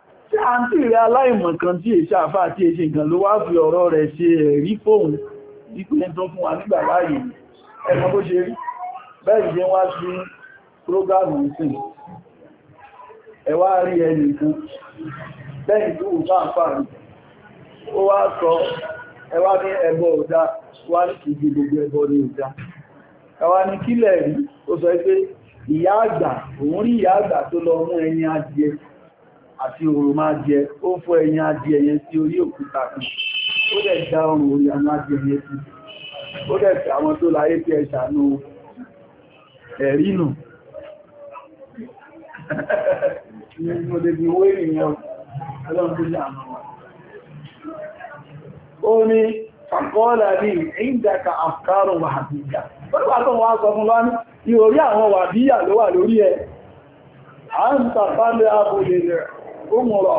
Speaker 1: tí a ń tìrẹ aláìmọ̀ kan tí èṣà àfá àti èṣe nǹkan ló wá fi ọ̀rọ̀ rẹ̀ ṣe ẹ̀rí fóun wípé tó fún wa nígbà láàyè ẹ̀mọ́ bó ṣe rí bẹ́ẹ̀ ṣe wá sí prógámù ìsìn ẹ wá rí ẹnìkan bẹ́ẹ̀ tó wù sọ ẹ ní ẹbọ ọ̀dá wá gbogbo àti òòrùn máa jẹ ó fọ́ ẹ̀yìn adìẹ yẹn sí orí òkúta kan ó dẹ̀ já ọrùn orí àwọn adìẹ yẹn sí ó dẹ̀ fi àwọn tó láyé tí ẹ ṣàánú ẹ̀rí àwọn wàhábíyà ló wà lórí ẹ̀ à ń tàbálẹ̀ àbúlé rẹ̀ umrọ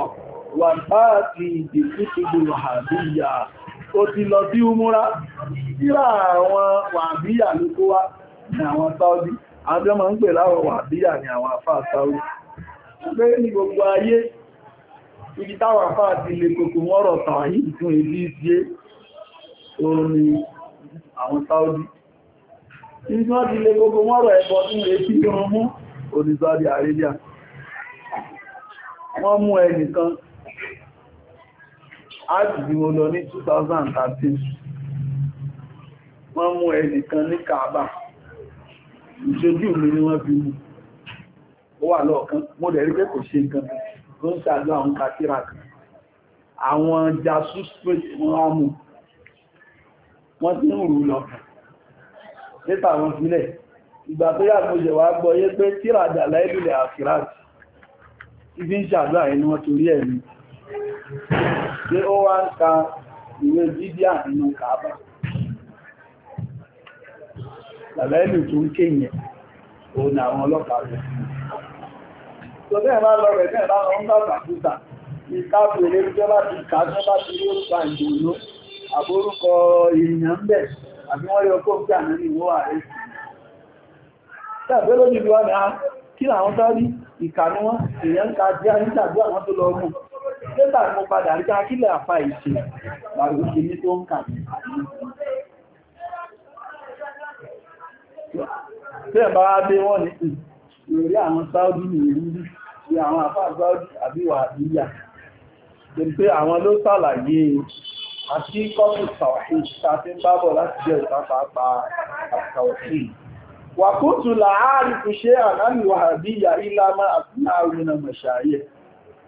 Speaker 1: wà bá ti ìdìkútùgbò wàhábíyà ó ti lọ sí umura síra àwọn wàhábíyà ló kó wá ní àwọn Saudi abẹ́mọ̀ ń pè láwọn wàhábíyà ní àwọn afá Saudi pé ní gbogbo ayé ibi táwọn ti lè kòkòrò mọ́rọ̀ wọ́n mú ẹnìkan ájìdí mo lọ ní 2013 wọ́n mú ẹnìkan ní Kaaba ìṣojú mi ni wọ́n fi mú ó wà lọ́ọ̀kan mo dẹ̀ rí pé kò ṣe nǹkan tó ń ṣàdọ́ àwọn kàtírà kan àwọn jasus pé wọ́n á mú wọ́n ti ń rù lọ nípa àwọn sílẹ̀ ìgbà tó yà mo ṣẹ̀wà gbọ́ yé pé láìbìlẹ̀ àfíráàtì ibi ń ṣàdúrà ẹni wọ́n torí ẹ̀mí pé ó wá ń ka ìwé bíbíà nínú kàábà bàbá ẹ̀lù tó ń kéyìn òun ni àwọn ọlọ́pàá rẹ̀ tó bẹ́ẹ̀ bá lọ rẹ̀ bẹ́ẹ̀ bá lọ ń bá bàbúta ní káàkiri tó bá ti kà tó bá ti rí òṣùpá ìdòwò àbórúkọ èèyàn ń bẹ̀ àbí wọ́n yọ kó gbà nínú ìwọ́ ààrẹ kí làwọn bá rí ìkà ní wọ́n èèyàn ká jẹ́ àríjàgbé àwọn tó lọ mú lẹ́tà ni mo padà rí ká kílẹ̀ àfà ìṣe bàbá ṣe ní tó ń kà bẹ́ẹ̀ bá wá dé wọ́n ní ìròrí hmm, àwọn Saudi ní ìrírí sí àwọn àfà Saudi àbíwà àbíyà ṣe pé àwọn ló ṣàlàyé àti kọ́pù sàwàhí ṣàfihàn bábọ̀ láti jẹ́ ìpápá àpá àkàwọ̀ṣì wàkútù láàárín kò ṣe àmàmì wàhábíyà ìlàmà àtúnáàrin na mọ̀ṣàáyẹ̀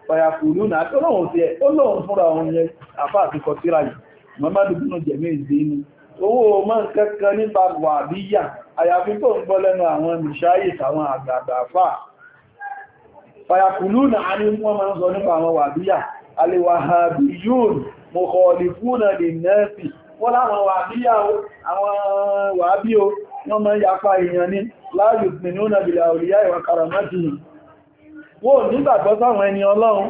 Speaker 1: pàyàkùnú na tọ́lọ́hun tí ẹ olóhun fúnra ohun yẹ àfá àti kọtíra yìí Muhammadu bínú jẹ̀mẹ́ ìdínú owó mọ́ kẹ́kẹ́ nípa wàhábíyà àyàfi tó ń gbọ́ lẹ́nu àwọn mọ̀ṣàáyẹ̀ tàwọn àgbààgbà àfá pàyàkùnú na a ní wọ́n máa ń sọ nípa àwọn wàhábíyà alìwàhábíyùn mọ̀kọ̀ọ̀lì wọ́n mọ́ yapa èèyàn ní láàrù mìírànà bìlà òlìyà ìwà karamati wọ́n nígbàgbọ́ sáwọn ẹni ọlọ́run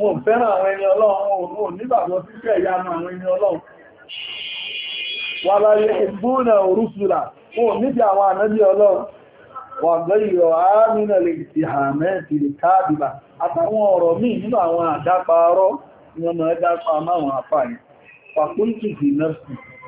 Speaker 1: wọ́n fẹ́ràn àwọn ẹni ọlọ́run wọ́n nígbàgbọ́ síkẹ̀ ìyanu àwọn ẹni ọlọ́run wà láyé ìbúnà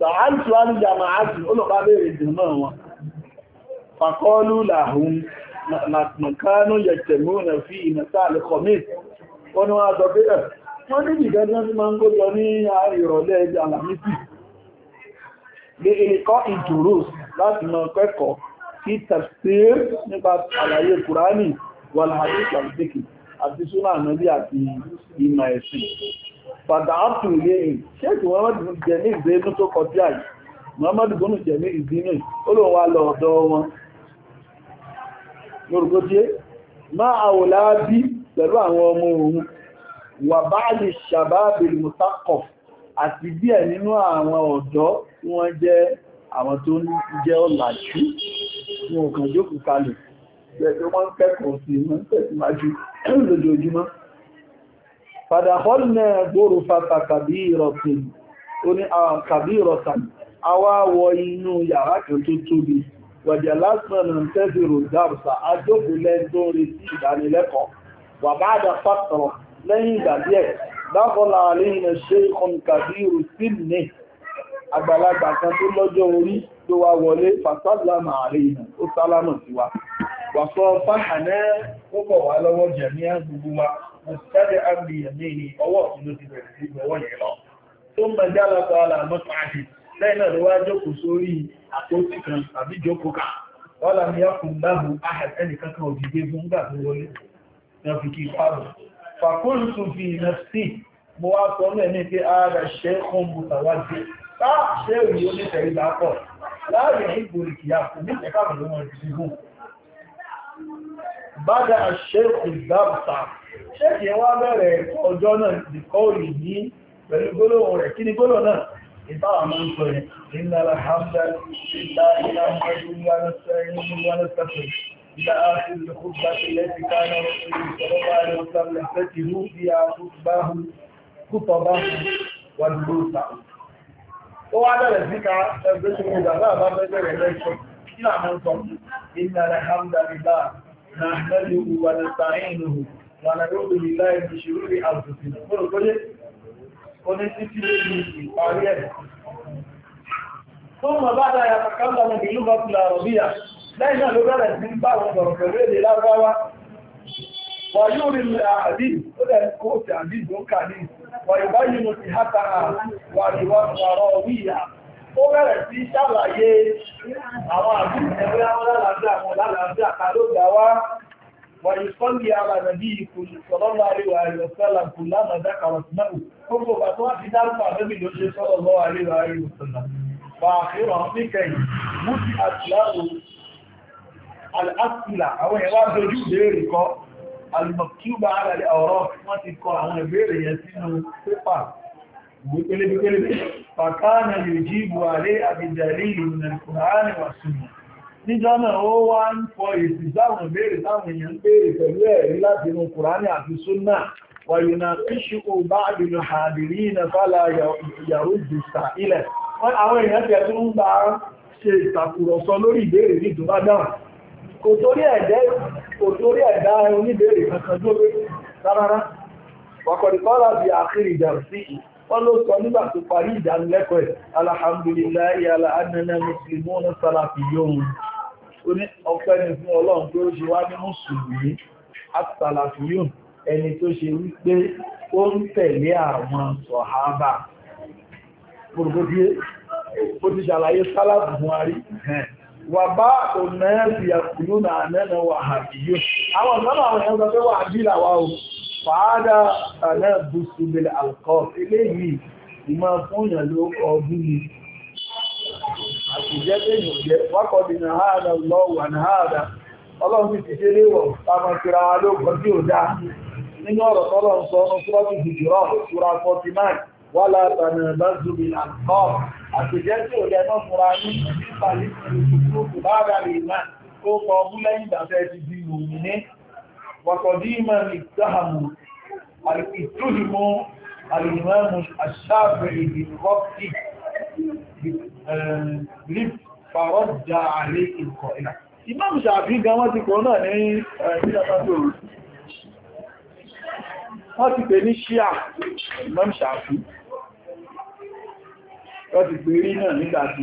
Speaker 1: sàáàtù alìjàmà áti olùbá bèèrè ìdùnnà wọn fàkọ́lù làhùn nàkánú yẹ̀tẹ̀mú nà fi ìnàtà alìkọ̀mí wọ́n wá sọ pé ẹ̀ wọ́n ní ìgbẹ́jọ́ sí máa ń kó jọ ní ìrọ̀lẹ́ ẹjọ́ alàmísì lè ẹ̀kọ́ ìdúró láti mọ kẹ́kọ̀ọ́ kí tafsir nípa fàdà ápù ilé yìí ṣéèkì Muhammad bin jẹ̀mí ìbínú tó kọjá yìí Muhammad bin jẹ̀mí ìbínú ó lòun wá lọ ọ̀dọ̀ wọn lórúkọ jẹ́ máa àwòlá bí pẹ̀lú àwọn ọmọ òun wà báyìí ṣàbábì mùsákọ̀ àti díẹ̀ nínú àwọn ọ̀dọ́ tí wọ́n jẹ́ àwọn tó ń jẹ́ ọ̀làjú wọn ò kàn jókòó kalẹ̀ pẹ̀lú wọ́n kẹ́kọ̀ọ́ sí wọ́n tẹ̀síwájú lójoojúmọ́ fàdàkọ́lẹ̀ gbòrò fata kàbírọ̀tàn ah, awá wọ inú yàrá kan tó tóbi wàjẹ̀ lásán ń tẹ́bìrò dárùsà ajókòólẹ́ tó ń retí ìdánilẹ́kọ̀ọ́ wà bá dà lẹ́yìn ìgbà díẹ̀ dákọ́lá àlẹ́yìn ṣe sí ní àgbàlagbà kan tó orí tó wọlé fàtàlámà sálámà sí wa sọ ó wá mùsùlùmí àmì ẹ̀mí ni ọwọ́ ìlú ti bẹ̀rẹ̀ sí ọwọ́ yẹn lọ tó ń bẹ̀já lọ́pọ̀ alàmọ́tàdì lẹ́yìn náà ló wá jókòó sórí àpótí kan tàbí jókòó ká wọ́n lámì yàkùn láhùn ahẹ̀ ẹnìkan kan òdìdé fún gbà tó wọlé ní ọ̀fi kí pààrọ̀ fàkóòsù fi ìnà sí mo wá sọ ní ẹni pé ara ṣe kún mu tàwájú bá ṣe òye oníṣẹ́rí lápọ̀ láàrin ìbò ìkìyà kò ní ìṣẹ́kàbọ̀ ṣéèkì yẹn wá bẹ̀rẹ̀ ọjọ́ náà ìkọ́ ní pẹ̀lú rẹ̀ kí ni gbólóhùn náà ìbáwà máa ń sọ yẹn iná alhàmdà ìlà ìlà mọ́jú wọn sẹ́yìn wọn sẹ́fẹ̀ ìlà àfihàn kúgbà tí lẹ́sì káná ونعوذ بالله من شرور أنفسنا قولوا قولي قولي تتلي قولي ثم بعد يتكلم باللغة العربية لأن لغة الزنبار والبربرين الأربعة ويوري الأحاديث هذا الكوت عديد وكاليس ويبين صحتها وراويها ó bẹ̀rẹ̀ sí ṣàlàyé àwọn àbí ìṣẹ̀wé àwọn lálàáfíà àwọn lálàáfíà ta ló gbà wá ويصلي على نبيه صلى الله عليه وآله وسلم كلما ذكر اسمه كل فتوى في دارك النبي صلى الله عليه وآله وسلم وآخرهم لكي مجئت له الأسئلة أو إعراض جديرك المكتوبة على الأوراق ما تذكر عن غير يسين سفر فكان يجيب عليه بدليل من القرآن والسنة níjọ́ náà ó wá ń fọ èsì sáwọn ìbéèrè táwọn èèyàn ń béèrè pẹ̀lú ẹ̀rí láti inú kùránì àti súnà wàyùnà fíṣù bá àdìlù àdìrí iná fálà yàrú jùsà ilẹ̀ àwọn èèyàn tẹ̀ tó ń bá ṣe ìtàkùrọ̀sọ lórí ìbéèrè ní ìjọba náà kò torí ẹ̀dá oníbéèrè kankan tó lé rárá wàkọ̀dìkọ́lá bí àkírí ìdàrú sí wọ́n ló sọ nígbà ó ní ọpẹ́ ni fún ọlọ́run pé ó ṣe wá ní mùsùlùmí àtàlàfíyùn ẹni tó ṣe wípé ó ń tẹ̀lé àwọn sọ̀hábà ó ti ṣàlàyé sálàbù buhari wà bá òmẹ́rì àkùnú náà wà àbíyó àwọn ọ̀nà àwọn ẹ̀yàn àtìjẹ́ lẹ́yìn òjẹ́ wákọ̀dì ní àádà lọ́wọ́ ní àádà ọlọ́run ti ṣe léwọ̀ táwọn kíra wa ló kọ́ tí ó dá nínú ọ̀rọ̀ tọ́lọ̀ ń sọ ọmọ súrọ́bì jùjùrọ̀ súra 49 wà látàmì lọ́zùbì àkọ́ àtìjẹ́ tí ó dẹ́ fúnra ní nípa nítorí bá rà lè kó kọ mú lẹ́yìn ti di òmìn ní wàkọ̀dì ìmọ̀ ní ìtàhàmù àìkìtúhìmọ̀ àìmọ̀ àṣàfẹ́ ìdìbọ̀ lift farọ́jà àrí ìkọ̀ Imam ìmáàmù ṣàfihàn wọ́n ti kọ̀ náà ní ìjọba wọ́n ti pè ní ṣíà ìmáàmù ṣàfihàn wọ́n ti pè rí náà nígbà tí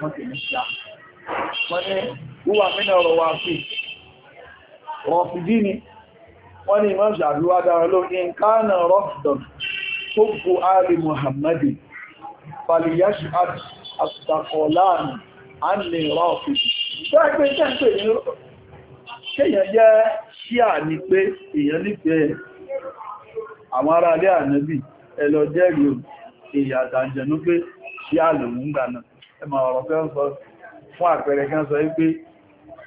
Speaker 1: wọ́n ti ní ṣíà wọ́n ní wúwà mínà ọ̀rọ̀ fi rọ̀fìdí ni wọ́n ní ìmáàmù ṣàfihàn wá dára lórí nǹkan náà rọ̀fìdọ̀n tó bu Ali Muhammadi fàlìyàṣù àti àtàkọ̀láàmì a lè rọ òfìsì tó ẹgbẹ́ jẹ́ pé kéèyàn jẹ́ ṣíà ní pé èèyàn nífẹ̀ẹ́ àwọn ará alẹ́ ànábì ẹlọ jẹ́rì o èèyàn àtàjẹ̀nú pé ṣíà lòun ń gbàna ẹ ma ọ̀rọ̀ fẹ́ sọ fún àpẹẹrẹ kan sọ pé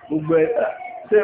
Speaker 1: gbogbo ẹ̀ tẹ́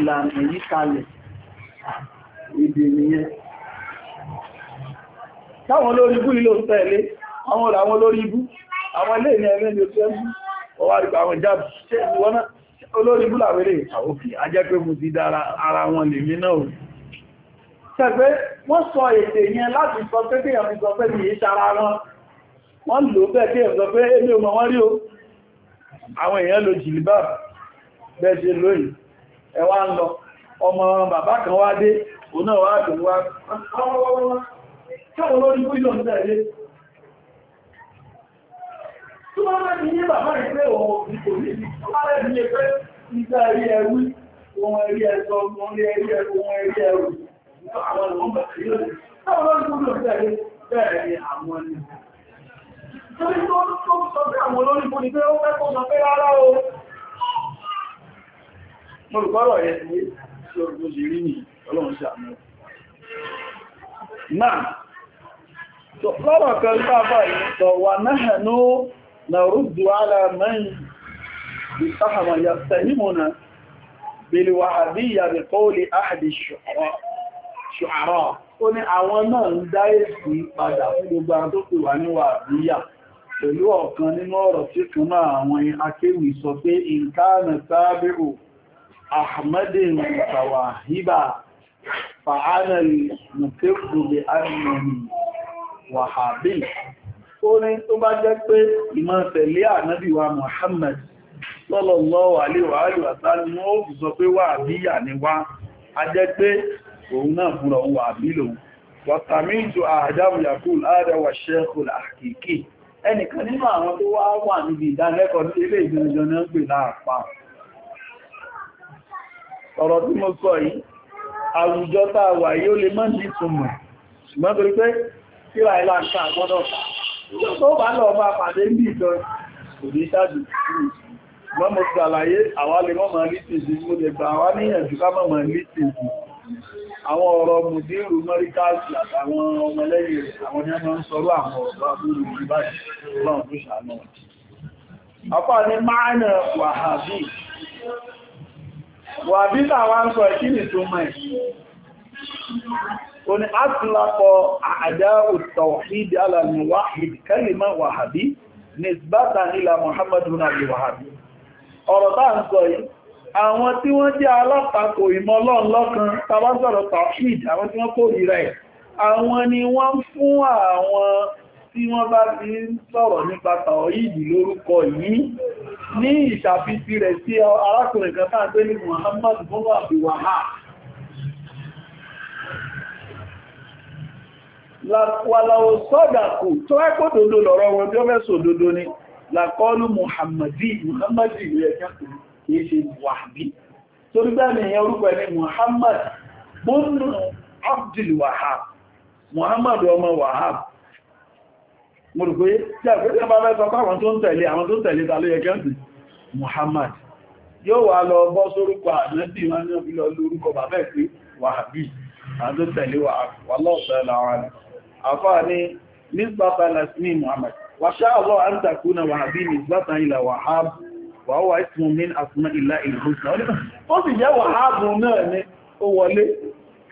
Speaker 1: ìlànà yìí kalẹ̀ ìdè nìyẹn táwọn olórí ibú ilé òun tẹ̀lé àwọn ọ̀rọ̀ àwọn olórí ibú àwọn ilé ìní ẹ̀mẹ́ ni ó tẹ́ mú ọwá rí àwọn jáàbù ṣe ìwọ́n olórí ibú làwẹ́rẹ́ àwòkì ajẹ́ pé mo ti dára ara wọn lè mí náà ṣẹ̀gbẹ́ wọ́n sọ èdè yẹn láti sọ pé kí èèyàn fi sọ pé kìí ṣara wọn wọ́n lò bẹ́ẹ̀ kí èèyàn sọ rí àwọn èèyàn lo jìlìbà bẹ́ẹ̀ ṣe lóyìí ẹwà ń lọ ọmọ bàbá kan wá dé òun náà wá dùn wá káwọn lórí fún ìlọ̀ nígbà ilé tó bá máa ní ní bàbá rẹ̀ pé òun òfin kò ní ìdí tó bá rẹ̀ ní ẹgbẹ́ nígbà rí ẹrú wọn rí ẹsọ wọn rí ẹrí ẹrú wọn rí ẹrú àwọn ọmọ bàbá yóò dé káwọn lórí fún ìlọ̀ nígbà ilé bẹ́ẹ̀ ni àwọn ni Torí tó sọ pé àwọn olórin fún ni pé ó fẹ́ kó sọ pé rárá o, mo rò ní ṣe rí ní ọlọ́run ṣàmú náà lọ́rọ̀ kan sábà ìsọ̀ na rúdù alamẹ́yìn ìtàhàmà yàtàhìmọ̀nà bèèrè wà àbí ìyàbí náà pẹ̀lú ọ̀kan nínú ọ̀rọ̀ ahmadin tawahiba fa'ana mùkẹ́kù bí ánìyàn wàhábí ó ní tó bá jẹ́ pé ìmọ̀ tẹ̀lé ànábìwà Muhammad sallallahu alaihi wa alihi wa sallam ó fi sọ pé wà níyà ní wá a jẹ́ pé òun náà fúnra òun wà bí lòun wàtàmíjù àdámù yakul àdáwà sheikhul hakiki ẹnìkan nínú àwọn tó wá wà níbi ìdánilẹ́kọ̀ọ́ ilé ìgbìyànjọ́ náà ń pè láàpá ọ̀rọ̀ tí mo sọ yìí àwùjọ tá a wà yóò lè mọ́ ní ìtumọ̀ ṣùgbọ́n torí pé síra ilá ń ká àgbọ́dọ̀ tó bá lọ bá pàdé ní ìjọ kò ní ṣáàjú ṣùgbọ́n mo ṣàlàyé àwa lè mọ́ máa lítìsì mo lè gbà wá níyànjú ká mọ́ máa lítìsì àwọn ọ̀rọ̀ mùdírù mọ́ríkàsì àtàwọn ọmọlẹ́yìn rẹ̀ àwọn ni a máa ń sọ̀rọ̀ àwọn ọ̀rọ̀ abúrú ìbáyìí lọ́rùn tó ṣàánú. Àpá ni máa náà wàhábì wà bí tàwà ń sọ ìkíni tó mọ̀ o ni a tún lápọ̀ àdá òtàwàhídì alàmìwáhìdì kẹ́lìmọ̀ wàhábí nisbatan ila muhammadu nabi wàhábí ọ̀rọ̀ tá ń sọ yìí àwọn tí wọ́n jẹ́ alátakò ìmọ̀lọ́n lọ́kan tàbá sọ̀rọ̀ tàwàhídì àwọn tí wọ́n kó ìrẹ̀ àwọn ni wọ́n fún àwọn tí wọ́n bá ti ń sọ̀rọ̀ nípa tàwọ̀yìdì lórúkọ yìí ní ìṣàfisí rẹ̀ sí arákùnrin kan tàà ní Muhammad bọ́wà bíwàhá sọ́dà kò tó ẹ́kọ́ dodo lọ́rọ̀ wọn tí ó ni làkọ́lù Muhammad Muhammad ọmọ mo rò pé jẹ́ pé tí wọ́n bá fẹ́ sọ pé àwọn tó ń tẹ̀lé àwọn tó ń tẹ̀lé ta ló yẹ kẹ́ǹtì Muhammad yóò wà lọ bọ́ sórúkọ àdínẹ́bì wọn ní ọbílọ lórúkọ bàbá ẹ̀ pé wàhábì àdó tẹ̀lé wà lọ́ọ̀tẹ́ lára rẹ̀ àfáà ní nisbata lasmi Muhammad wà ṣáàlọ́ àǹtàkúnà wàhábì nisbata ismu min asma ilá ìlú ó sì jẹ́ wàhábù náà ní ó wọlé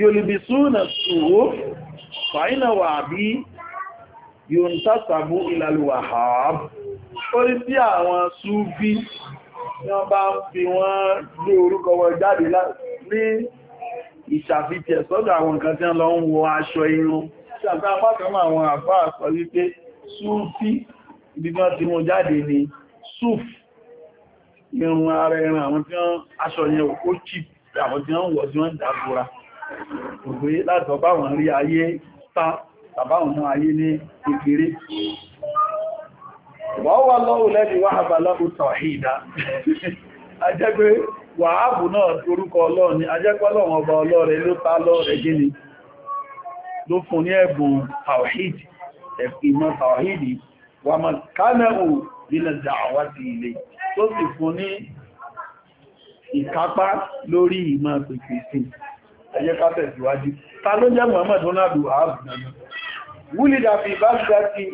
Speaker 1: yòlìbìsúnà ṣòwò fàínàwà bí yóò ń tàṣàbú ìlàlùwà ààb orí tí àwọn ṣúbí wọ́n bá fi wọ́n lé orúkọ wọn jáde ní ìṣàfihàn sọ́dọ̀ àwọn nǹkan tí wọ́n lọ ń wọ aṣọ irun ṣàtà apákan àwọn àfáà sọ wípé ṣúfí ibi tí wọ́n ti mú jáde ní ṣúf irun ara ẹran àwọn tí wọ́n aṣọ ògbé láti ọpá nri rí ayé tá tàbáwọn ayé ní kékeré wà wà lọ́wọ́ lẹ́ni wà àbálọ́wọ́ ajẹ́gbé wà áàbù náà orúkọ ọlọ́run ajẹ́gbé ọlọ́run ọba ọlọ́rẹ ló tá lọ́rẹ gíní ló fún ní ẹ̀bùn wà mọ̀ nílẹ̀ sí ilé tó sì fún ní ẹ̀yẹ́ káfẹ́ síwájú ta ló jẹ́ Muhammad ronaldo ààbù wúlìdà fi bá gbá ti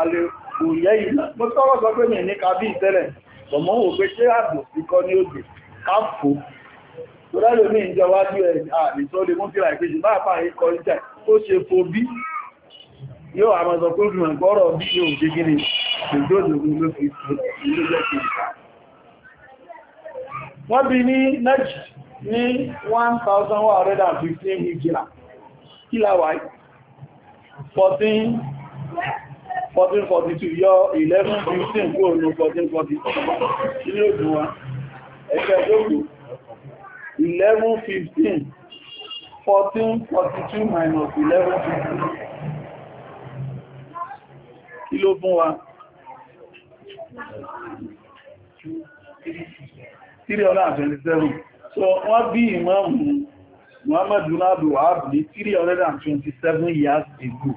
Speaker 1: alẹ́ òyẹ́ ìlà mo sọ́rọ̀ sọ pé mi ní kábí ìtẹ́lẹ̀ bọ̀mọ́ wò pé ṣé ààbò sí kọ́ ní òjò káfò tó dájò ní ìjọwájú ẹ̀ àìsọ́ lè mú fíra ìpéjì bá àpá ikọ̀ ìjẹ́ tó ṣe fo bí yóò àmọ́sọ pé òfin ẹ̀gọ́rọ̀ bí yóò jẹ́ gíní ìjọ́jọ́gbọ́n ló fi ṣe ilé jẹ́ kí wọ́n bí ní Nàìjíríà ní 1115 hijira kíláwà 14 1442 yọ 1115 kúrò ní 1442 ilé òdùn wa ẹgbẹ́ ìjókòó 1115 1442 minus 1115 kí ló fún wa 327 so wọ́n bí ìmáàmù Muhammad bin Abdul Wahab ní 327 years ago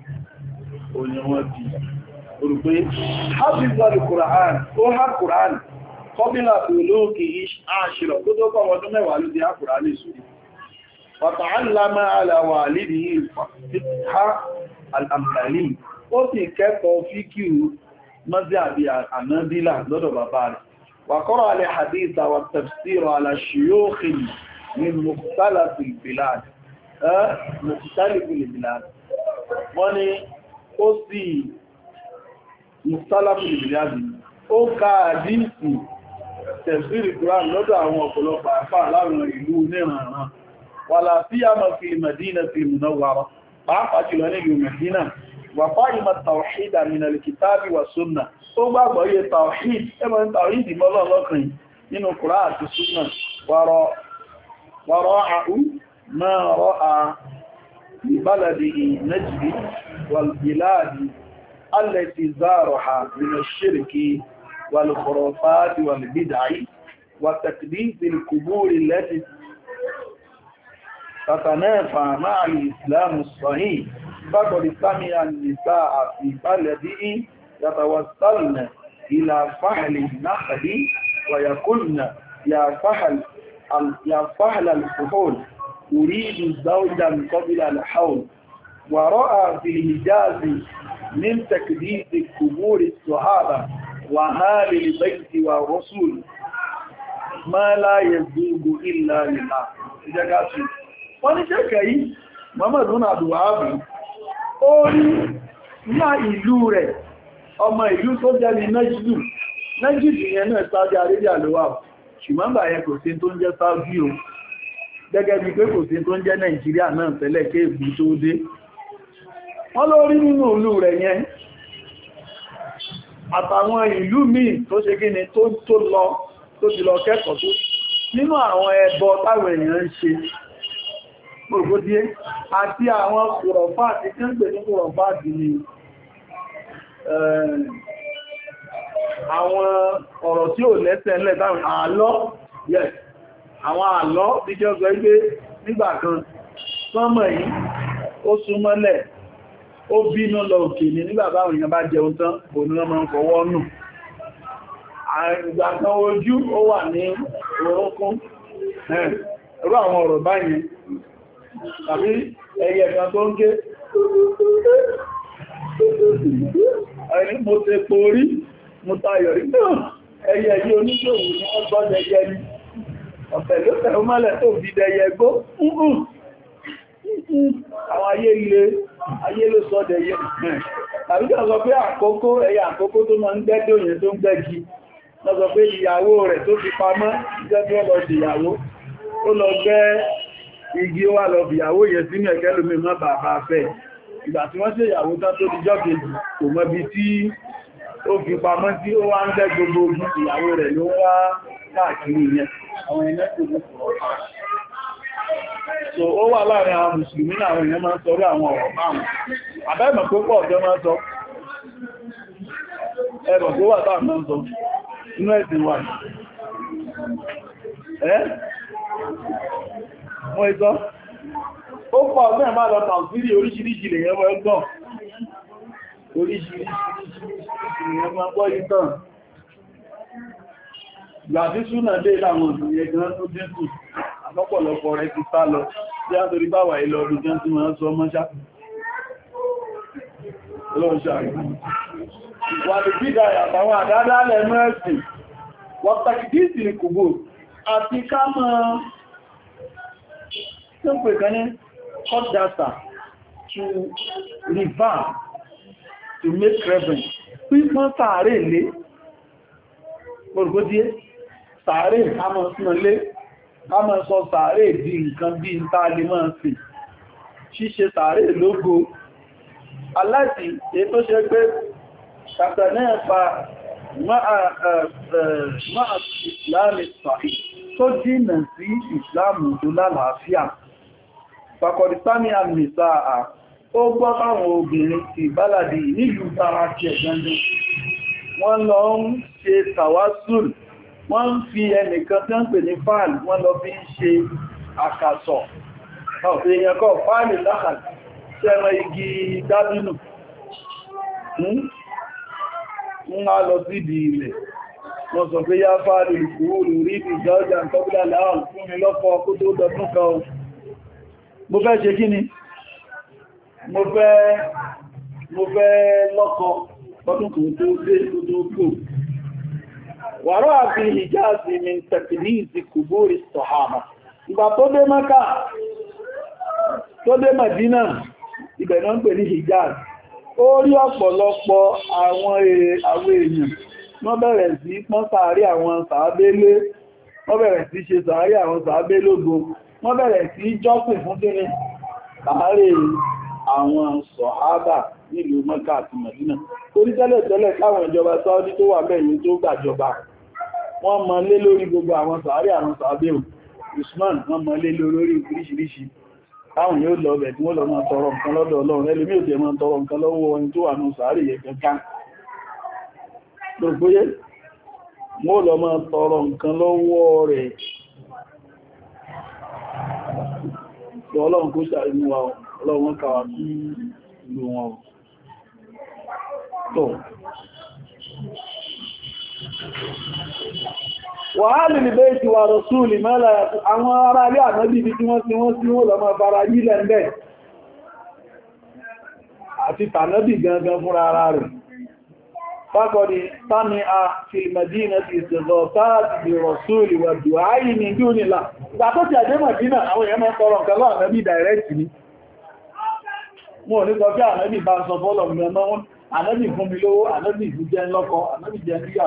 Speaker 1: òní wọ́n bí olùgbé hafizal Qur'an ó há Qur'an kọ́bílà olóòkè àṣírọ̀ kó tó kọ́ ọdún mẹ́wàá ló di há Qur'an lè sórí wàtàálàmà àlàwà lèdí ìfà وقرأ الحديث والتفسير على الشيوخ من مختلف البلاد مختلف البلاد wọ́n ní ó sì mustalafu ìbìlíàdì ó ka àdíìsì tẹ̀sírì Quran lọ́dọ̀ àwọn ọ̀pọ̀lọpọ̀ àfà láwọn ìlú nírànràn wà láti yàmọ̀ fi Madina fi Munawwara pàápàá jùlọ nílùú Madina wàfáìmọ̀ tàwàhíd àmìnàlì kìtàbí wà súnà ó gbàgbọ́ yẹ tàwàhíd ẹmọ̀ tàwàhíd ìmọ́lọ̀ lọ́kùnrin nínú kùrá àti súnà wàrọ̀ àú mẹ́rọ̀ à ìbálàdì ìnẹ́jìdì wàlbìláàdì alẹ́tì záàrọ̀hà nínú ṣírìkì wàlùkọ̀rọ̀fáàdì wàlùbídàí wàtàkìdí القبور فقد سمع النساء في بلده يتوصلن إلى فحل النخل ويقولن يا فحل يا فحل الفحول أريد زوجا قبل الحول ورأى في الحجاز من تكذيب قبور الصحابة وهال البيت والرسول ما لا يزوج إلا لله. إذا sí. Wọ́n ní ṣẹ́kẹ̀ yìí, Muhammadu orí rí ní ìlú rẹ̀ ọmọ ìlú tó jẹ́ ní nájídù nájídù yẹn náà Saudi Arabia ló wà ṣùgbọ́n bàyẹ kò sí tó ń jẹ́ Saudi o gẹ́gẹ́ bí pé kò sí tó ń jẹ́ Nàìjíríà náà tẹ́lẹ̀ kéèkù tó dé wọ́n ló rí nínú rẹ̀ yẹn àtàwọn ìlú míì tó lọ tó ti lọ kẹ́kọ̀ọ́ tó nínú àwọn ẹbọ táwọn èèyàn ń gbogbo àti àwọn kùrọ̀fà àti tí ń pè ní kùrọ̀fà àti ni àwọn ọ̀rọ̀ tí ò lẹ́sẹ̀ ńlẹ̀ táwọn àlọ́ yes àwọn àlọ́ bí jẹ́ ọgbẹ́ gbé nígbàkan sánmọ̀ yìí ó súnmọ́lẹ̀ ó bínú lọ òkè ní nígbà báwọn èèyàn bá jẹun tán òní wọ́n máa ń fọwọ́ nù àgbàkan ojú ó wà ní orúnkún ẹ̀rọ àwọn ọ̀rọ̀ báyìí tàbí ẹyẹ kan tó ń gé ẹni mo ti porí mo tayọ̀ rí náà ẹyẹ yìí oníṣòwò ní wọ́n gbọ́dẹ̀ yẹ ni ọ̀pẹ̀ ló tẹ̀rọ mọ́lẹ̀ tó fi dẹyẹ gbó àwọn ayé ilé ayé ló sọ dẹyẹ tàbí tó sọ pé àkókò ẹyẹ àkókò tó máa ń gbẹ́dẹ̀ òyìn tó ń gbẹ́gi lọ́sọ pé ìyàwó rẹ̀ tó fi pamọ́ ìjẹ́ tó lọ dìyàwó ó lọ gbẹ́ igi ó wà lọ bí ìyàwó yẹ sínú ẹ̀kẹ́ lómi mọ́ bàbá fẹ́ ìgbà tí wọ́n ṣe ìyàwó tán tó dijọ́ kejì kò mọ bí tí ó fi pamọ́ tí ó wá ń fẹ́ gbogbo ogun ìyàwó rẹ̀ ló wá káàkiri ìyẹn àwọn mọ́ ẹgbọ́ ó pọ̀ ọgbẹ́ ẹ̀má lọ tàbí oríṣiríṣi lè yẹ́wọ́ ẹgbọ́n oríṣiríṣi lè yẹ́wọ́ ẹgbọ́ ìtàn gbàtí dé láwọn ìyẹn gan tó dínkù lọ́pọ̀lọpọ̀ rẹ̀ ti sá lọ tó ń pè kan ní hot data to reverb to make reverend pípọ́n sàárè lé gbogbo sàárè àmọ́ sínú lé àmọ́ sọ sàárè di nǹkan bí n tá lè máa sì ṣíṣe sàárè lógo aláti èyí tó ṣe pé kàtà náà pa máa ìsìláàmì sàárè tó dínà sí ìsìláàmù tó lálàáfíà fàkọ̀dì sámi àmì sáà ó gbọ́ káwọn obìnrin ti bálàdì nílùú tara jẹ gangan wọ́n lọ ń ṣe tàwásùl wọ́n ń fi ẹnìkan tán pè ní fáàlì wọ́n lọ bí ń ṣe àkàsọ̀ èèyàn kọ́ fáàlì láhàlì ṣẹ́ran igi dábínù hmm?
Speaker 2: ń á lọ síbi ilẹ̀ wọ́n sọ pé yá
Speaker 1: fáàlì ìfúrú rí ìjọ́jà tọ́bílà láàrùn fún mi lọ́pọ̀ kó dọ̀tún kan mo fẹ́ ṣe kí ni mo fẹ́ mo fẹ́ lọ́kọ ọdún kan tó dé tó kò wàrọ́ àfi hijazi mi tẹ̀tìlì ìsì kùbúrì sọ̀hàmà ìgbà tó dé mẹ́kà tó dé mẹ́dínà ibẹ̀ náà ń pè ní hijaz ó rí ọ̀pọ̀lọpọ̀ àwọn e, èèyàn wọ́n bẹ̀rẹ̀ sí pọ́n sàárì àwọn sàábélé wọ́n bẹ̀rẹ̀ sí ṣe sàárì àwọn sàábélógún wọ́n bẹ̀rẹ̀ sí jọ́sìn fún kíni láàárín àwọn sọ̀hábà nílùú mọ́ká àti mọ̀dínà torí tẹ́lẹ̀ tẹ́lẹ̀ ìjọba sáúdí tó wà mẹ́rin tó gbàjọba wọ́n mọ lé lórí gbogbo àwọn sàárì àwọn sàábẹ̀rù usman wọ́n mọ lé lórí oríṣiríṣi táwọn yóò lọ tí lọ ọlọ́run kó ṣàrínú wa ọlọ́run kàwà sí ìlú wọn tó wàhálì lè bẹ́ẹ̀ ti wà rọ̀súlì mẹ́lẹ̀ àwọn ará ilé ànábì tí wọ́n wọ́n sí wọ́n lọ máa àti gangan fúnra ara rẹ̀ fagọ̀dì tani a fìlìmọ̀dínà ti ìsìnkọ̀ sáàtì rọ̀súlì wà dùháyì ní dúnilà gbàtọ́tí àjẹ́mọ̀dínà àwọn èèyàn mọ́ sọ́rọ̀ nǹkan lọ́wọ́ àmẹ́bí dàírẹ́tì ní wọ́n ní sọ pé àmẹ́bí bá sọ fọ́lọ̀ mẹ́mọ́ àmẹ́bí fún mi lówó àmẹ́bí ìlú jẹ́ lọ́kọ àmẹ́bí jẹ́ níyà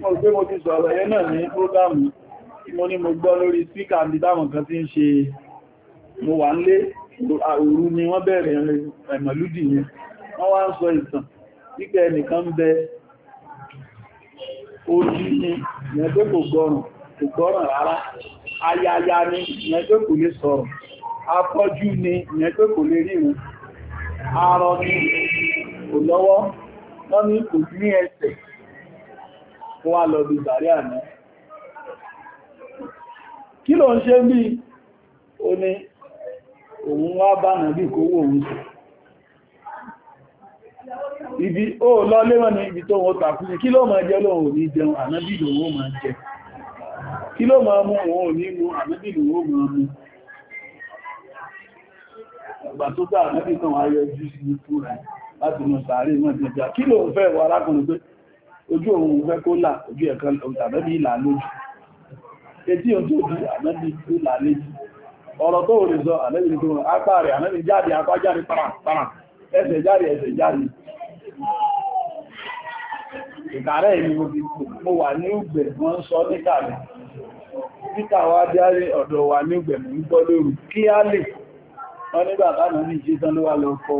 Speaker 1: mo pé mo ti sọ̀rọ̀ yẹn náà ní prógámù mo ní mo gbọ́ lórí síkà ní táwọn kan ti ń ṣe mo wà ń lé òru ni wọ́n bẹ̀rẹ̀ ẹ̀mọ̀lúdì yẹn wọ́n wá ń sọ ìtàn Nígbà ẹnìkan bẹ ojú ní ìyẹn kò rárá. Ayaya ni ìyẹn kò lè sọ̀rọ̀. Afọ́jú ni kò lè Arọ ni kò lọ́wọ́. Wọ́n ní kò ní ẹsẹ̀. Ó wá lọ bí bàrí àná. Kí ló ń ṣe bí? o ni òun wá bá ibi ó lọ léwọ́n ní ibi tó wọ́n tàkú ní kí ló máa jẹ lóhun ò ní jẹun ànábì lòun ó máa jẹ kí ló máa mú òun ò ní mú ànábì lòun ó máa mú ìgbà tó tà ànábì kan wá yọ ojú sí ikú rẹ̀ láti mọ̀ sàárè mọ̀ jẹjẹ kí ló ń fẹ́ wọ arákùnrin pé ojú òun fẹ́ kó là ojú ẹ̀kan tàbẹ́bí ìlà lójú etí ohun tó di ànábì tó là léjì ọ̀rọ̀ tó rí sọ ànábì tó apá rẹ̀ ànábì jáde apá jáde pàràpàrà ẹsẹ̀ jáde ẹsẹ̀ jáde ìkàrẹ́ ìlú ogi mo wà ní ìgbẹ̀ wọ́n ń sọ níkàrẹ́ títà wá ọ̀dọ̀ wà ní ìgbẹ̀ mú gbọ́ lóru kí á lè wọ́n nígbà bánà ní ìṣẹ́tán ló wà lọ kọ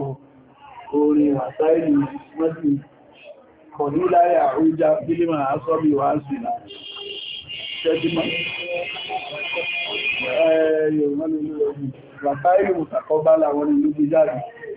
Speaker 1: orin wàsáìlì mọ́sí kọ̀ ní láyé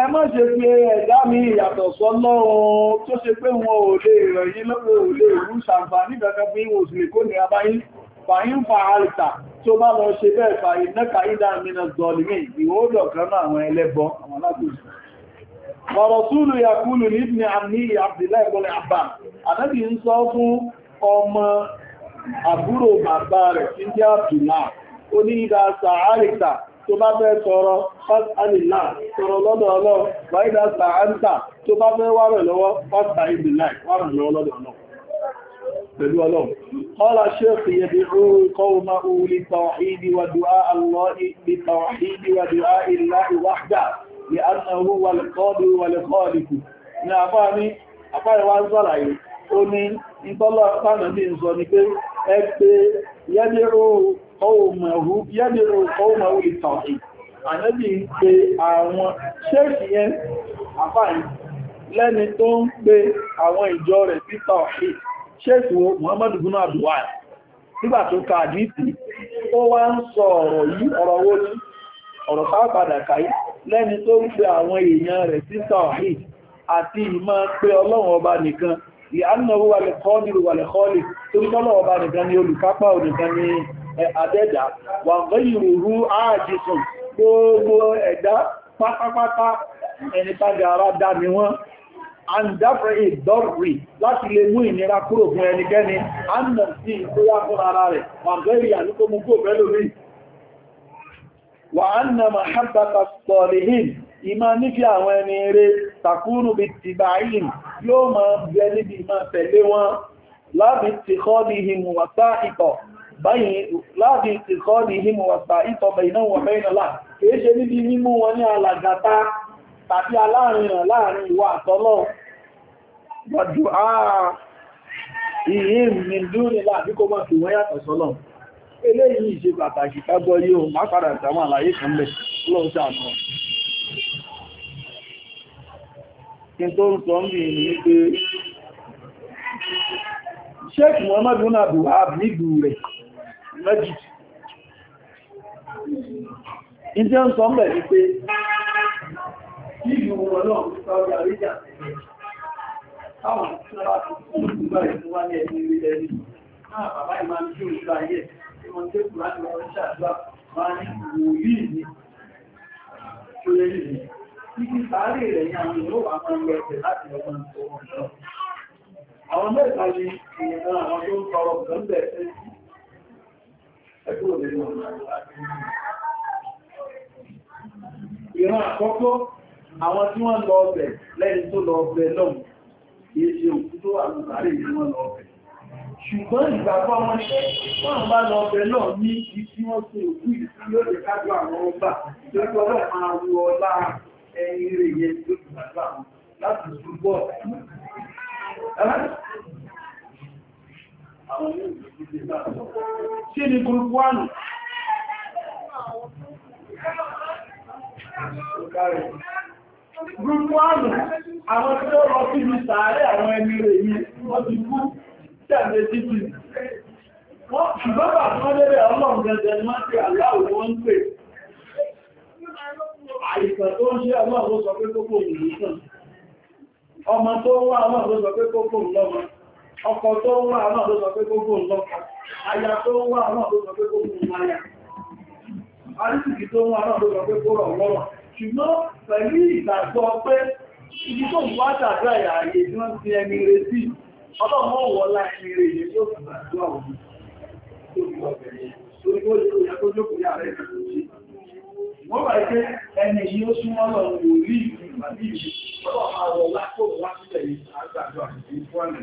Speaker 1: ẹ má ṣe fi ẹ̀dá mi ìyàtọ̀ sọ́lọ́run tó ṣe pé wọn ò lè ràn yí lọ́pẹ́ ò lè rú ṣàǹfà nígbàkan fi ìwò sí kó ní abáyín fàyín fa àrìtà tó bá lọ ṣe bẹ́ẹ̀ fa ìnáka ìdá mìíràn zọlìmí ìwòdọ̀ kan náà àwọn ẹlẹ́bọ àwọn alágbèsè tó bá fẹ́ tọrọ fásitánìlá tọrọ lọ́dọ̀ ọlọ́run báyìdá sàáńtà tó bá fẹ́ wà rẹ̀ lọ́wọ́ fásitánìlá wà rẹ̀ lọ́wọ́ lọ́dọ̀ ọlọ́run pẹ̀lú ọlọ́run ọlá ṣẹ́ẹ̀kì yẹ̀bí oòrùn kọ́ọ̀mà orí tàwàhídí wà dùá allọ́ì bí tàwàhídí wà dùá ilá ìwáhdà ní annáwó wà lẹ́kọ́ọ̀dù wà lẹ́kọ́ọ̀dìkù ní apá ìwá ń sọ́làyé ó ní ìtọ́lọ́ qawmahu yad'u qawmahu lit-tawhid ànábì ń pe àwọn ṣéèkì yẹn àfáàní lẹ́ni tó ń pe àwọn ìjọ rẹ̀ sí tawhid ṣéèkì wo Muhammad ibn Abdul-Wahhab nígbà tó ka àdìsí ó wá ń sọ ọ̀rọ̀ yìí ọ̀rọ̀ wo ni ọ̀rọ̀ ká padà káyí lẹ́ni tó ń pe àwọn èèyàn rẹ̀ sí tawhid àti ìmọ̀ pé ọlọ́run ọba nìkan ìhánà owó wà lẹ́kọ́ nílùú wà lẹ́kọ́ lè torí ọlọ́run ọba nìkan ni olùkápá òdìkan ni àdẹ́dà wà gbẹ́yìnrú ààjìsùn gbogbo ẹ̀dá pátápátá ẹni tàbí ara dá ni wọ́n àndáfẹ́ ìdọ́rì láti lè mú ìnira kúrò fún ẹnikẹ́ni àmì sí ìgbóyá fún ara rẹ̀ wà gbẹ́rì àníkó mú kó fẹ́ lórí báyìí láti ìkọ́ ní ìhìmọ̀ wàtà ìtọ̀bẹ̀ iná wọ̀bẹ̀ iná láà kìí ṣe níbi mímú wọn ní alàgàtà tàbí aláàrinà láàrin ìwà àtọ́lọ́ gbọ̀dù ìhìn nìdúnì láàbí kó máa fi wọ́n yàtọ̀ sọ́lọ̀ eléyìí ṣe pàtàkì kágbọ́ yóò má padà tàwọn àlàyé kan bẹ̀ lọ́ọ̀ṣà náà kí n tó ń sọ ń bì ní pé Sheikh Muhammadu náà bù á bìí dù rẹ̀ lọ́jì ìjẹ́ ń sọ pé ìlú ọlọ́run sọ́rọ̀ àríjà táwọn tí wọ́n ti fún ìgbà ìfúnwá ní ẹni rí ẹni náà bàbá ìmá ń jí òṣìṣẹ́ ayé tí wọ́n tẹ́ kùrá ní ọ̀rẹ́ ṣàdúrà máa ní mẹ́ta ni ìyẹn àwọn tó
Speaker 2: Ìran àkọ́kọ́,
Speaker 1: àwọn tí wọ́n lọ ọbẹ̀ lẹ́ni tó lọ ọbẹ̀ lọ́m, èsì òkú tó wà ní àárẹ̀ ìlú wọn lọ ọbẹ̀. Ṣùgbọ́n ìgbàgbọ́ wọn ṣe, wọ́n bá lọ ọbẹ̀ náà ní ibi tí wọ́n tó òkú ìsí yóò lè kájọ àwọn ọba, tó kọ́ lọ́ máa wọ ọlá ẹni rẹ̀ yẹn tó gbàgbà láti túbọ̀. Kí ni gúrùpù wánù? Gúrùpù wánù, àwọn tí ó rọ sí mi sàárẹ̀ àwọn ẹni rẹ̀ yìí, wọ́n ti kú tẹ̀lé títì. Wọ́n ṣùgbọ́n bà tí wọ́n lérẹ̀ ọlọ́run gẹ̀ẹ́gẹ̀ ni wọ́n ti àláwò wọ́n ń pè. Àìsàn tó ń ṣe ọlọ́run sọ pé kókò ọkọ tó ń wà náà ló sọ pé gbogbo ǹlọ́kọ aya tó ń wà náà ló sọ pé gbogbo ǹláyà arísìkì tó ń wà náà ló sọ pé gbogbo ọ̀wọ́rọ̀ ṣùgbọ́n pẹ̀lú ìgbàgbọ́ pé ibi tó ń wá tàbí àyè tí wọ́n ti ẹni retí ọlọ́run ọ̀wọ́ láìní rẹ̀ yóò fi gbàdúrà òun tó fi ọ̀bẹ̀ yẹn torí ó lè yẹ kó jókòó yàrá ẹ̀ wọ́n bá pé ẹni yìí ó súnmọ́ lọ lórí ìgbàdí ìlú ọlọ́run àwọ̀ lápò wá sílẹ̀ yìí àgbàdo àti ìfúnni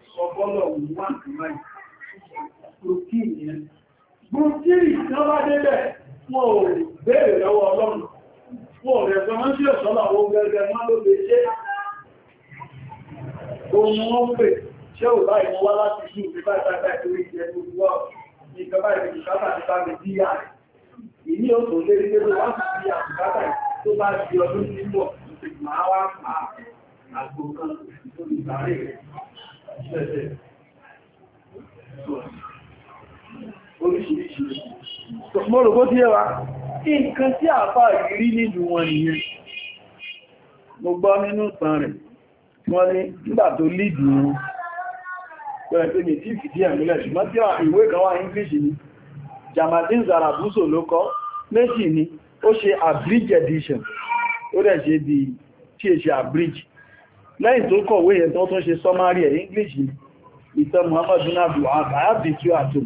Speaker 1: sọ bọ́lọ̀ wà láì protein yẹn protein náà bá débẹ̀ wọ́n ò béèrè lọ́wọ́ ọlọ́run wọ́n ò rẹ̀ sọ wọ́n sí ọ̀sọ́ làwọn gẹ́gẹ́ wọ́n ló lè ṣe ohun wọ́n pè ṣé ò bá ìwọ́n wá láti ṣú ìfipá ìtàkà ìtorí ìjẹ́ gbogbo ìjọba ìrìnkátà ti bá mi díyà ìní ó tó lé nílé ló wá sí bí àbùkátà tó bá di ọdún nígbọ̀ máa wá pa àgbò kan tó lè bàárẹ̀ rẹ̀ Mọ́rò kó tí yẹ wa, nǹkan tí àfà rí nílùú wọn nìyẹn. Mo gbọ́ nínú ìtàn rẹ̀, tí wọ́n ní nígbà tó lídì wọn. Pẹ̀lẹ̀ pé mi tí fìdí ẹ̀mílẹ̀ ṣùgbọ́n tí ìwé kan wá English ni, Jamadin Zarabuso ló kọ, méjì ni, ó ṣe abridged edition, ó rẹ̀ ṣe bí tí è ṣe abridged lẹ́yìn tó kọ̀wé yẹn tó tún ṣe sọmárì ẹ̀ english ìtàn muhammadu nabu àbíkú àtò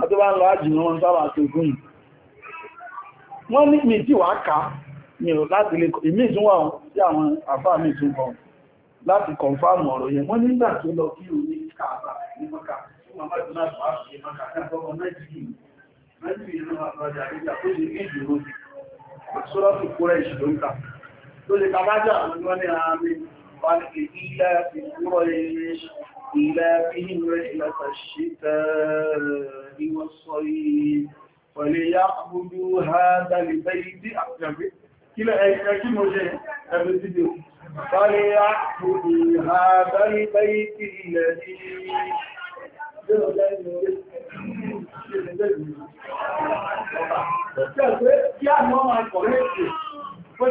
Speaker 1: àti bá ń lọ ájìnà wọn sábà tó gún wọ́n ní mi tí wà ká mi ò láti lè ìmí tún wà sí àwọn àfá mi tún kọ láti kọ̀nfàmù ọ̀rọ̀ yẹn wọ́n nígbà tó lọ kí o ní káàkà ní mọ́kà fún muhammadu nabu àbíkú mọ́kà ẹ̀kọ́kọ́ náà jì الضعف في قريش إيلافهم رحلة الشتاء والصيف وليعبدوا هذا البيت أقرب كلا أي كم وجه فليعبدوا هذا البيت الذي يا àwọn ọmọ akọ̀rẹ́ ìpè, fún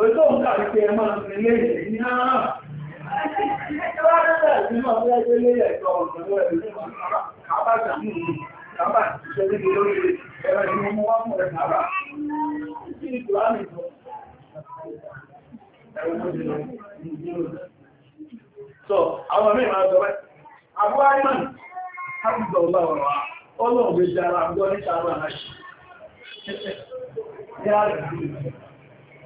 Speaker 1: Òjò ń kàrí pé ẹ máa fi lé ìlẹ̀ ní àárá. Ìjọba rẹ̀ sí máa fẹ́ gbé lé ẹ̀kọ́ ọ̀dọ̀ ẹ̀rọ àbájá mú un. Bàbá ìṣẹ́lẹ̀ lórí ẹ̀rọ ìmọ̀ wá mú ẹ̀ bàbá. Kí ni kò á nìkan? Ẹ̀rọ mọ́ jùlọ. So, àwọn mẹ́rin máa sọ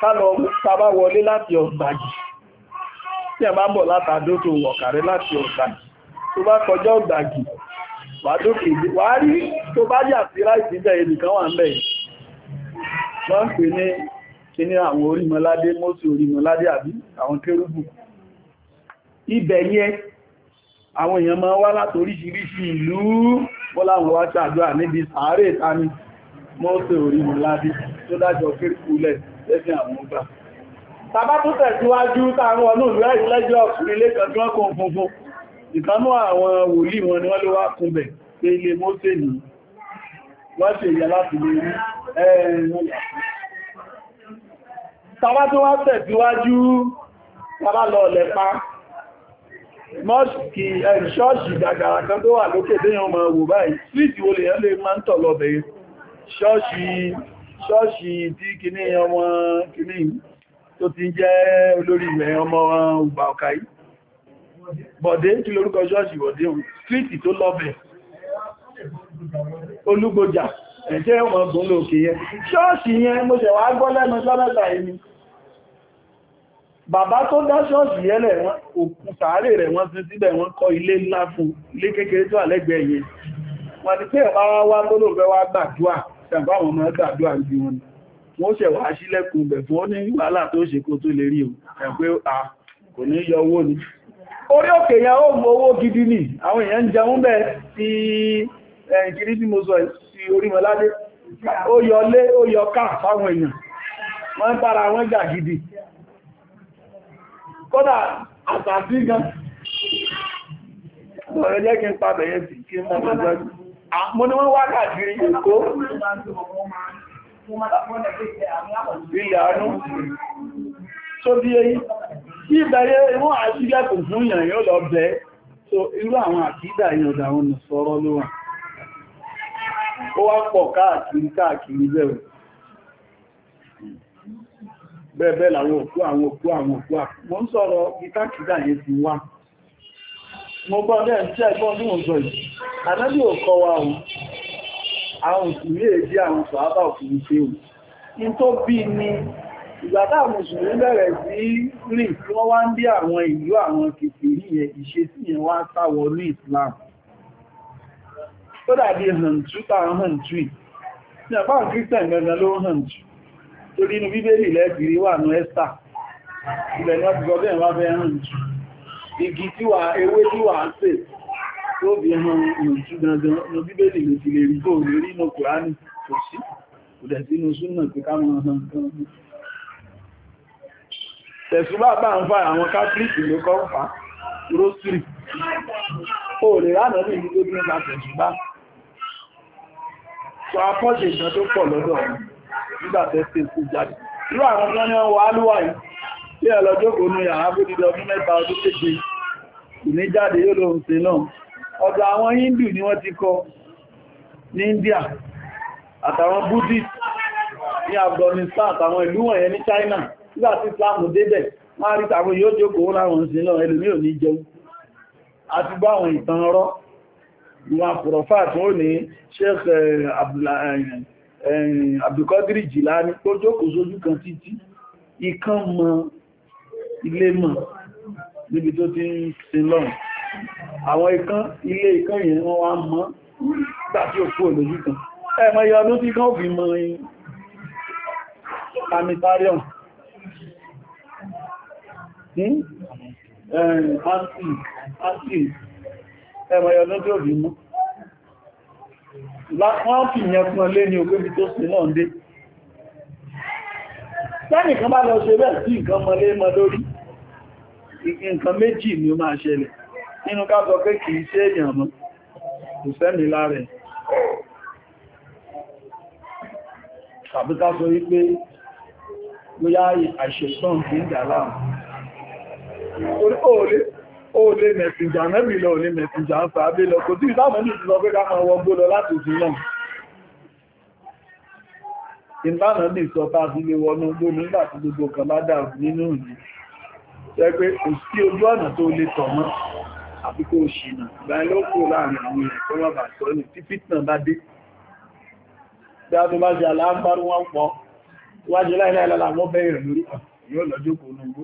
Speaker 1: kálọ̀ tàbá wọlé láti ọ̀gbàjì tí a bá bọ̀ látàdó tó wọ̀kàrẹ́ láti ọ̀gbàjì tó bá kọjọ́ ọ̀gbàjì wà rí tó bá yà sí láìsí bẹ̀ ẹnìkan wà ń bẹ̀ wọ́n pè ní kíní àwọn orímọládé mọ́sí orímọládé àbí àwọn kérúbù ibẹ̀ yẹn àwọn èèyàn máa wá láti oríṣiríṣi ìlú wọ́n láwọn wá ṣàdúrà níbi sàárè tani mọ́sí orímọládé tó dájọ́ kérúbù lẹ́sì lẹ́sìn àwọn ọgbà tàbá tó tẹ̀síwájú táwọn olóòlú ẹ̀rí lẹ́jọ́ ọkùnrin lẹ́kan tí wọ́n kò funfun ìkanú àwọn wòlíì wọn ni wọ́n ló wá kúnbẹ̀ pé ilé Mósè ní wọ́n ṣe ìyà láti lè rí ẹ̀rìn tàbá tó wá tẹ̀síwájú tàbá lọ lẹ́pa mọ́ṣkì ṣọ́ọ̀ṣì gàgàrà kan tó wà lókè déyàn mọ̀ wò báyìí ṣọ́ọ̀ṣì tí kìíní ọmọ kìíní tó ti jẹ́ olórí ilẹ̀ ọmọ ọgbà ọ̀kàí bọ̀dé kí lórúkọ ṣọ́ọ̀ṣì bọ̀dé ohun stíìtì tó lọ́bẹ̀ olúgbòjà ẹ̀jẹ́ ọmọ ọgbọ̀n lóòkè yẹn ṣọ́ọ̀ṣì yẹn mo ṣẹ̀ wá gbọ́ lẹ́nu sọ́mẹ́ta ẹni bàbá tó dá ṣọ́ọ̀ṣì yẹn lẹ̀ wọ́n òkun sàárè rẹ̀ wọ́n sí síbẹ̀ wọ́n kọ́ ilé ńlá fún ilé kékeré tó àlẹ́gbẹ̀ẹ́ yẹn wọ́n ti pé ẹ̀bá wá tó lóòfẹ́ wá gbàdúà ṣàǹfà àwọn ọmọ ṣàdúrà bí wọn wọ́n ṣẹ̀ wá sílẹ̀kùn bẹ̀ fún ó ní wàhálà tó ṣe kó tó lè rí o à kò ní yọ owó ni orí òkè yẹn ó mú owó gidi ni àwọn èèyàn ń jẹun bẹ́ẹ̀ ti ẹ̀kiri tí mo sọ sí orí mọ́ládé ó yọ lé ó yọ káà fáwọn èèyàn wọ́n ń para wọn jà gidi kódà àtàtí gan ọ̀rẹ́ jẹ́ kí n padà yẹn sí kí n mọ́ Ah, mo ní wọ́n wá káàkiri Èkó ilẹ̀ àánú tó bí èyí tí ìbẹ̀rẹ̀ fún ìyàn yóò lọ bẹ́ so irú àwọn àkídà ìyànjẹ́ àwọn nìsọ́rọ́ ló wà ó wá pọ̀ káàkiri káàkiri bẹ̀rẹ̀ bẹ́ẹ̀ bẹ́ẹ̀ làwọn òkú àwọn òkú àwọn òkú mo gbọ́ náà tí ẹ̀gbọ́n ní òǹzọ yìí ànábì ò kọ́ wa o àwọn òsùnmí èdè àwọn sọ̀hábà òfin ṣe o ní tó bí ni ìgbàtà mùsùlùmí bẹ̀rẹ̀ sí rìn tí wọ́n wá ń bí àwọn ìlú àwọn kèfèrí yẹn ìṣesí yẹn wá sáwọ ní Islam tó dàbí hàntú ta hàntú ní ọ̀pá kírísítẹ̀n gẹ̀gẹ̀ ló hàntú torí inú bíbélì lẹ́gbìrí wà ní ẹ́sà
Speaker 2: ilẹ̀ ni wọ́n ti gọ́
Speaker 1: bẹ́ẹ̀ wá bẹ́ẹ̀ hàntú igi tíwà ewé tíwà ń pè tó bí ẹran ìrìnjú dandan lọ bíbélì lè ti lè rí tó lè rí náà kùránì kò sí kò dẹ̀ sínú súnà pé ká mọ̀ ọ̀nà nǹkan mú tẹ̀sùbá bá ń fa àwọn káfíìsì ló kọ́ ń fa rósírì ó lè ránà ní ìlú tó bí ń fa tẹ̀sùbá sọ apọ́ṣe ìtàn tó pọ̀ lọ́dọ̀ nígbà tẹ́sí èkó jáde irú àwọn tó ní ọwọ́ alúwà yìí tí ẹ lọ jókòó ní yàrá bó dídọ ọdún mẹ́ta ọdún kéje ìní jáde yóò lóhun sí náà ọ̀dọ̀ àwọn hindu ni wọ́n ti kọ ní india àtàwọn buddhist ní afghanistan àtàwọn ìlú wọ̀nyẹn ní china nígbà tí islam débẹ̀ wọ́n rí tàwọn yóò jókòó láwọn sí náà ẹlòmí ò ní jẹun àti bá àwọn ìtàn ọ̀rọ̀ ìwọ̀n àpùrọ̀fà tí ní sheikh eh, eh, eh, abdulkadiri níbi tó ti ń sin lọ́rùn àwọn ikán ilé ikán yẹn wọ́n wá mọ́ gbà tí ó kú olójú kan ẹ̀mọ̀ yọ ọdún tí kán fi mọ́ sanitarium hmm? ẹ̀mọ̀ yọ ọdún tí ó fi mọ́ wọ́n fi yẹn fún ọlé ní ogóbi tó sí náà dé tẹ́nìkan bá lọ ṣe bẹ́ẹ̀ sí nǹkan mọ́lé mọ́ nǹkan méjì ni ó máa ṣẹlẹ̀ nínú ká sọ pé kìí ṣe èèyàn mọ́ kò sẹ́mi láàrẹ̀ tàbí ká sọ wípé bóyá àṣẹ̀sán ti ń dà láàmù olè mẹ̀sìnjà mẹ́bì lọ olè mẹ̀sìnjà ń sàábé lọ kò tí ìsáàmù ní ìsìnlọ pé ká jẹ́ pé kò sí ojú ọ̀nà tó lè tọ̀ mọ́ àti kò ṣìnà ìgbàlókò láàrin àwọn ẹ̀kọ́ wàbà sọ́nì tí fitna bá dé bí a tó bá jẹ́ aláàbárú wọn pọ̀ wájú láìláìlá wọ́n bẹ̀rẹ̀ lórí yóò lọ jókòó nùgbó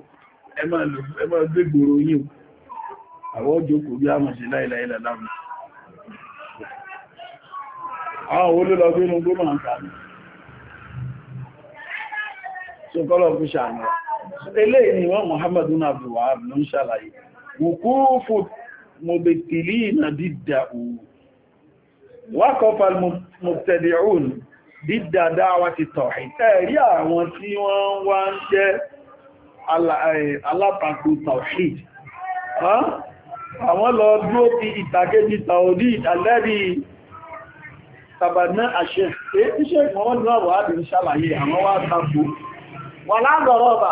Speaker 1: ẹ máa gbé gbòòrò yìí àwọn jókòó bí a mọ̀ sí láìláìlá láàmù àwọn olólọgbé nùgbó máa ń kà ní ṣokọ́lọ̀ fún ṣàmìlá eléyìí ni wọ́n Muhammadu ibn Abdul Wahhab ló ń ṣàlàyé wukufu mubtilina diddahu waqafa al-mubtadi'un dídà da'wati tawhid ẹ̀rí àwọn tí wọ́n wá ń jẹ́ alátakò tawhid àwọn lọ dúró ti ìtàkéjì tàòdí ìtàlẹ́rí tàbàná àṣẹ èyí tí ṣe ìmọ̀wọ́n náà wà á bí ń ṣàlàyé àwọn wá tako wà láàrọ̀ ọba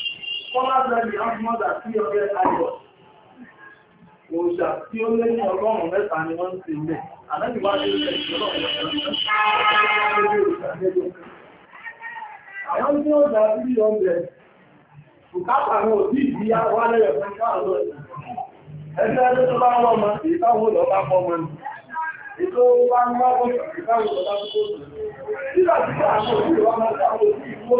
Speaker 1: Fọ́lábẹ́ ni Ahmad àti ọ̀rẹ́ Ayọ̀. tí ó lé ní ọgọ́rùn-ún mẹ́ta wọ́n ní ilẹ̀ ìṣọ́lọ̀ Àwọn tí ó dá sí ọ̀bẹ̀, bùkápà ní òbí ìdí wálẹ̀ ẹ̀fẹ́ káàlọ́ ẹ̀fẹ́ ẹ̀fẹ́ tó bá wọ́n mọ́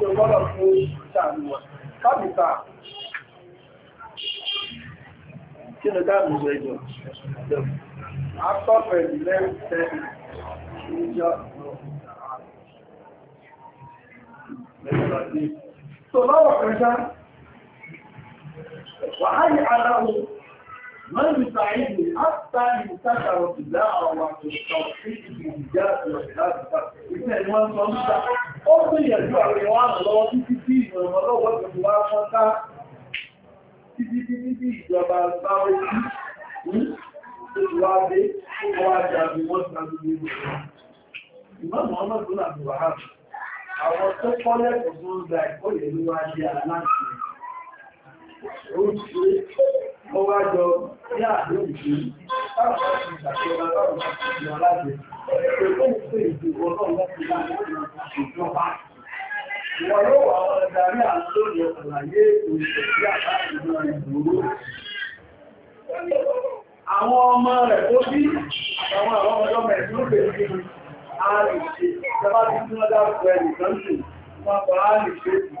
Speaker 1: tí ọlọ́rọ̀ fún ìṣàánú wọn kábìtà kí ni dáàbò ẹjọ́ àtọ́fẹ̀ ìlẹ́ẹ̀tẹ́ ìjọ So, lọ́wọ́ kẹta, wà á yìí aláwọ̀ من يساعدني حتى ينتشر الدعوة والتوحيد في الجهات والجهات إذا الوان صمتا أصلي يجوع الإيوان الله تتتي من الله وتتوا فتا títítítí ìjọba sáré sí ìwádé ọwá jàbí wọ́n sáré ní ìwọ̀n. Ìmọ́nà ọmọ tó nà bí Àwọn tó kọ́ lẹ́kọ̀ọ́ ń gba ẹ̀kọ́ ìlú wa jẹ́ aláṣẹ. Ó ṣe ó wá jọ ní àdéhùn sí báwọn láti ìgbàjọba báwọn láti ìjọ aláàbẹ̀ tó tó ń pè ìdìbò náà láti láti ìjọba wọn yóò wà wọn darí àwọn lónìí àlàyé òṣèlú sí àbájú náà ìgbòho àwọn ọmọ rẹ̀ tó bí àwọn àwọn ọmọdọ́mọ̀ ẹ̀ tó ń pè ìdìbò ààrẹ ìṣe ìjọba ti tún lọ́dá pẹ̀lú ìtọ́jú wọn kọ̀ á lè ṣe ìdìbò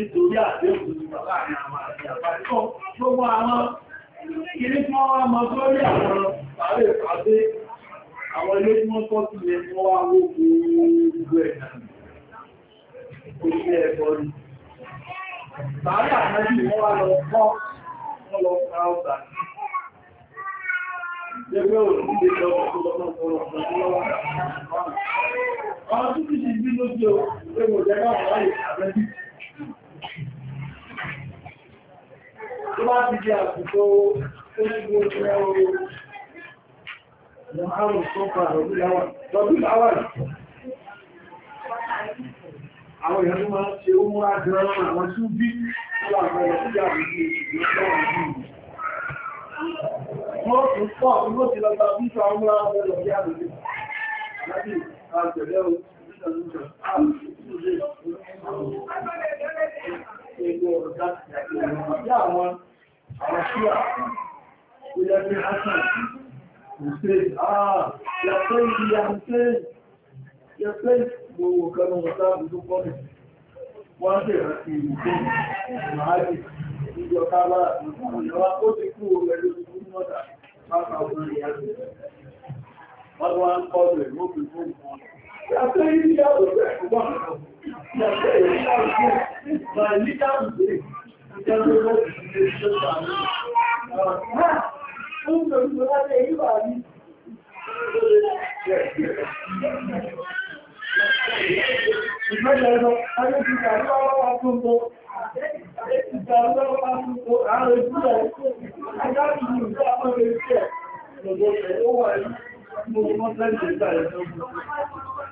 Speaker 1: nítorí àdéhùn ní bàbá àrin àwọn àti àpàtọ́ gbogbo àwọn ilé tí wọ́n wá mọ́ sórí àwọn ààrẹ ìpàdé àwọn ilé tí wọ́n tọ́ sí ilé tí wọ́n wá wó gbogbo ẹ̀nà orílẹ̀ ẹ̀kọ́ rí bàbá àmẹ́jì wọ́n wá lọ kọ́ wọ́n lọ pa ọ̀dà Ẹgbẹ́ òní lè lọ ọ̀pọ̀lọpọ̀ ọ̀pọ̀lọpọ̀ ọ̀pọ̀lọpọ̀. Àwọn tó ti ṣe bí lójú ẹgbẹ́ òjẹ́gbà wọ́n láyé àbẹ́jì. tó bá ti jẹ́ àkùkọ oṣù oṣùrẹ́ oòrùn lọ́hárùn awa, pa lọ́dún láwà àwọn èèyàn máa ṣe ó múra jẹ́ àwọn tún bí láàrín ọjọ́ àbúgbé ìgbésọ́ ọdún wọ́n tún pọ̀ tí ó ti lọ́gbà Wọ́n ti kú pẹ̀lú ìgbìmọ̀ta, pápá ọgbọ̀n ìyàtọ̀. Wọ́n wá ń kọ́ rẹ̀ mọ́bí fún ìwọ̀n. Mo mọ́ sẹ́jẹ̀ ìgbà ẹ̀sọ́gbọ̀n.